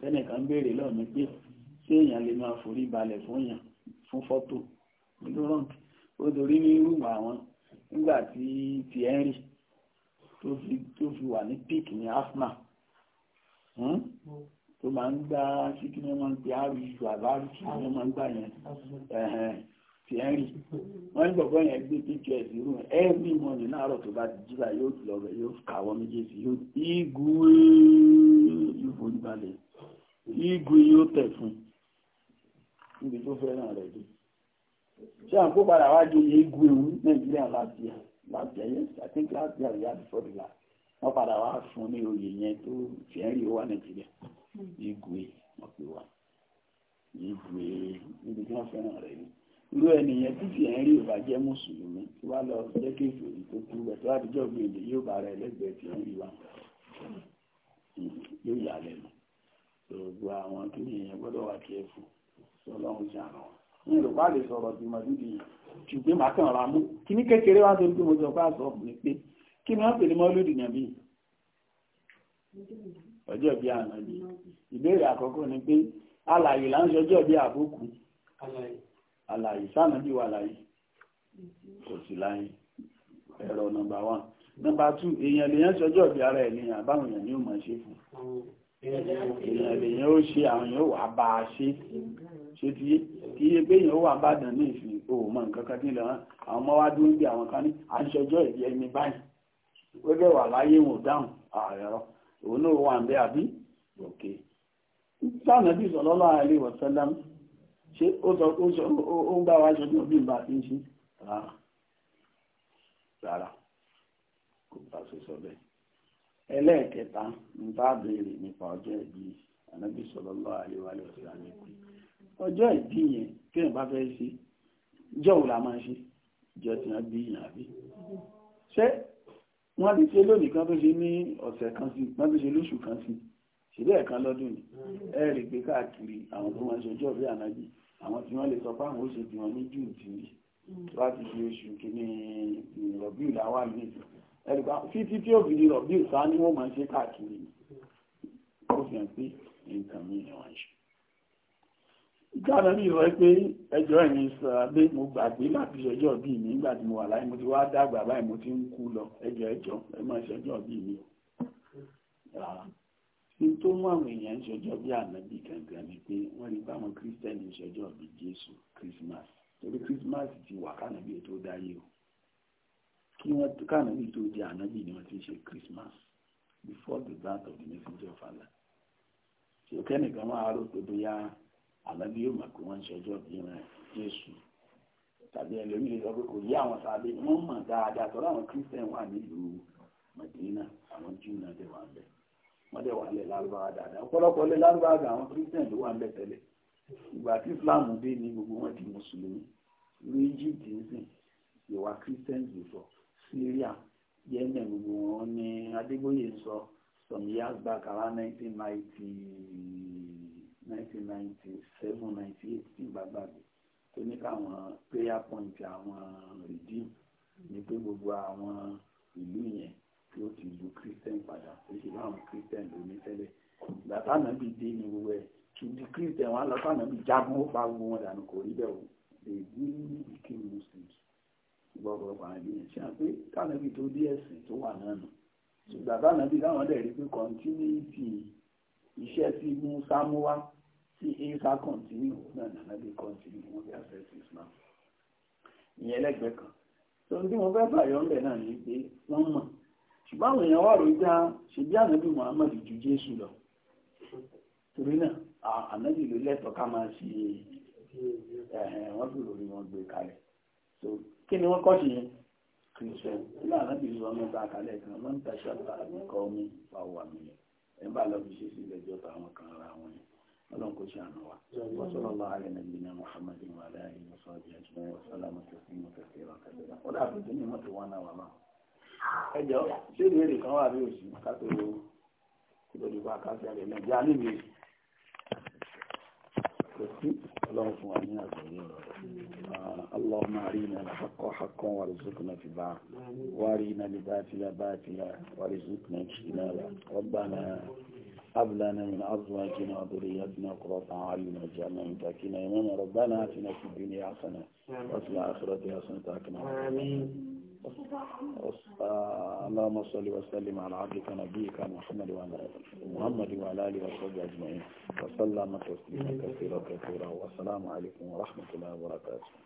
tẹ́nìkan béèrè lọ́ọ̀ mi pé ṣé èèyàn lè máa forí balẹ̀ fún èèyàn fún fọ́tò nínú rọ̀ǹkì ó dorí ní rúùmù àwọn nígbà tí ti henry tó fi tó fi wà ní pic ní asma hmm? tó máa ń gbá sí kí wọ́n máa ń pe àrùjù àbárù kí wọ́n máa ń gbà yẹn ti henry wọ́n ní bọ̀bọ́ yẹn gbé píkẹ́ ẹ̀sì rú every morning láàárọ̀ tó bá ti jíra yóò lọ rẹ̀ yóò kàwọ́ méjèèjì yóò igu yóò forí balẹ̀ igu yóò tẹ̀ fún níbi tó fẹ́ràn rẹ̀ dé ṣé à ń kó padà wá joyè egun ewu nàìjíríà last year last year yes i think last year we had before the last wọ́n padà wá fún ní oyè yẹn tó fẹ́ẹ́rì wá nàìjíríà igwe hmm. wọ́n pè wá igwe níbi tí wọ́n fẹ́ràn rẹ̀ ni irú ẹnìyẹn tí fìhẹ́rì ò bá jẹ́ mùsùlùmí tí wàá lọ jẹ́ kéfèé tó kú rẹ̀ tó àdìjọ́ gbèdè yóò bá rẹ̀ lẹ́gbẹ̀ẹ́ fìhẹ́rì wa yóò yà lẹ́nu gbogbo àwọn kí nìyẹn gbọ́dọ̀ wà kí ẹ fún sọlọ́run ṣàrọ̀ wọn ní yorùbá lè sọ̀rọ̀ ìgbìmọ̀ níbi ṣùgbọ́n màá kàn ra mú kí ní kékeré wá sórí pé mo sọ pé àṣọ ọ̀bùnrin pé kí ni wọ́n pè ní mọ́lúdì nàbí ọjọ́ bí ànábì ìbéèrè àkọ́kọ́ ni pé alàyè là ń ṣọjọ́ bí àbókù alàyè sànàbí wà láyé kò sí láyé ẹ̀rọ nọmba one nọmba two èèyàn lèèyàn ṣọjọ́ bí ara ẹ̀ nìyàn àbáwọn èèyàn ni ó mọ̀ ṣe fún èèyàn lèèyàn ó ṣe àwọn èèyàn wà bá a ṣe ṣètìyé kì í ṣe pé èèyàn wà bàdàn ní ìfì òun mọ nǹkan kan nílẹ̀ hàn àwọn ọmọ wa dúró ń bí àwọn kan ní àṣọjọ́ ìdí ẹni báyìí wẹ́gẹ́ wà láyé wọn dáhùn ààrẹ rọ òun náà wà ń bẹ àbí òkè sáànà bí sọlọ́lá àìlè wọ̀sẹ́lẹ́m ṣe ó sọ ó ń bá wa ṣojú bí n bá ti ń ṣe rárá rárá kò bá ṣe sọ bẹ́ẹ̀ ẹlẹ́ẹ̀kẹta ń bá béèrè nípa ọjọ́ ìbí ànábì sọlọ́lá àìlè wọ̀sẹ́lẹ́m ọjọ́ ìbí yẹn kí èèyàn bá fẹ́ ṣe jọ́ òun la máa ṣe jọ tí wọ́n bí yàn àbí ṣé wọ́n ti ṣe lónìí kan tó ṣe ní ọ̀sẹ̀ kan sí wọ́n tó ṣe lóṣù kan sí ṣèlú ẹ̀kan lọ́dún ni ẹ rí pé káàkiri àwọn tó máa ń ṣọjọ́ bí ànájì àwọn tí wọ́n lè sọ pé àwọn oṣù tí wọ́n ní jù tí wá ti fi oṣù kìíní rọ̀bíù láwà ní ìsìn ẹ̀rùpá títí tí ó fi di rọ̀bíù sáà ni wọ́n máa ń ṣe káàkiri ó fi hàn pé nǹkan mìíràn wọ́n ń ṣe ìjára ní ìrọ̀ pé ẹjọ́ ẹ̀yìn sàbẹ́ mo gbàgbé láti ṣọjọ́ bí mi nígbà tí mo wà láyé mo ti wá dàgbà báyìí mo ti ń kú lọ ẹjọ́ ẹjọ́ ẹ máa ṣọjọ́ bí mi o ní tó mú àwọn èèyàn ń ṣọjọ́ bí ànábì gangan ni pé wọ́n rí báwọn kírísítẹ́nì ń ṣọjọ́ bí jésù christmas torí christmas ti wà kánàbí tó dáyé o kí wọ́n kánàbí tó di ànábì ni wọ́n ti ṣe christmas before the birth of the messenger of Allah ṣòkẹ́ nìkan máa rò pé bóyá ànábì yóò mọ̀ pé wọ́n ń ṣọjọ́ bí ran jésù tàbí ẹlòmíì sọ pé kò yí àwọn sábẹ wọ́n mọ̀ dáadáa tọ́lá àwọn kristian wà nílùú mọ̀dínà àwọn júù náà dẹ̀ wà ń bẹ̀ wọ́n dẹ̀ wà lẹ̀ lárúbáwá dáadáa ọ̀pọ̀lọpọ̀ lẹ̀ lárúbáwá dáadáa àwọn kristian ló wà ń bẹ̀ tẹ́lẹ̀ ìgbà tí islam dé ní gbogbo wọn di mùsùlùmí ní egypt nsìn ìwà christian ló sọ syria yemen gbogbo wọn ní adégbòye sọ some years back around nineteen ninety 1997, ninety seven ninety eight tí ìgbà gbàgbé tó ní káwọn prayer point àwọn redeem ni pé gbogbo àwọn ìlú yẹn tí ó ti lu christian padà ó sì bá àwọn christian lóní tẹ́lẹ̀ ìgbà táwọn bíi dé ní gbogbo ẹ̀ ṣùgbọ́n christian wọn lọ táwọn bíi jagun ó pa gbogbo wọn dànù kò rí bẹ́ẹ̀ o they really became muslims gbọ́gbọ́gbọ́ àbí yẹn ṣáà pé táwọn bíi tó dé ẹ̀sìn tó wà náà nù ṣùgbọ́n táwọn bíi táwọn dẹ̀ rí pé continuity iṣẹ́ tí mú sámúwá tí isa kọ̀ntínú náà nàbí kọ̀ntínú wọn bí àṣẹ́sì islam ìyẹn ẹlẹ́gbẹ̀ẹ́ kan tó ń tí mo fẹ́ fàyọ́ ń bẹ̀ náà ní pé wọ́n mọ̀ ṣùgbọ́n àwọn èèyàn wà rí dá ah, ṣe bí ànábì muhammad ju jésù lọ torí náà ànábì ló lẹ́tọ̀ọ́ ká máa ṣe wọ́n fi lórí wọn gbé kalẹ̀ so kí ni wọ́n kọ́ sí yẹn kìrìsìtẹ́n ilé ànábì sọ mẹ́ta kalẹ̀ kan wọ́n ń taṣà àbíkọ́ mi fáwọn àmì ẹ̀ ń bá lọ fi ṣe sí ilé ìjọba àwọn kan ara wọn yẹn ọlọ́run kò ṣe àná wa wọ́sọ́lọ́lá alẹ́nàbí ní muhammadu wàlá ìlú sọ́ọ̀dì ẹ̀jẹ̀ wọ́sọ́lámà tó fi mọ́tò sí ìrọ̀ kẹsìlá ó dà tuntun ní mọ́tò wọn náà wà máa. ẹ jọ ṣé ìbéèrè kan wà bí òsì kátó ìbòdì wa kásì alẹ́ náà jẹ́ alẹ́ mi kò sí ọlọ́run fún wa ní àgbẹ̀yẹ rẹ̀ اللهم أرنا الحق حقا وارزقنا اتباعه وارنا الباطل باطلا وارزقنا اجتنابه ربنا هب لنا من أزواجنا وذريتنا قرة أعين واجعلنا متقين إماما ربنا آتنا في الدنيا حسنة وفي الآخرة حسنة آمين اللهم صل وسلم على عبدك نبيك محمد وعلى محمد وعلى آله وصحبه أجمعين وسلم تسليما كثيرا كثيرا والسلام عليكم ورحمة الله وبركاته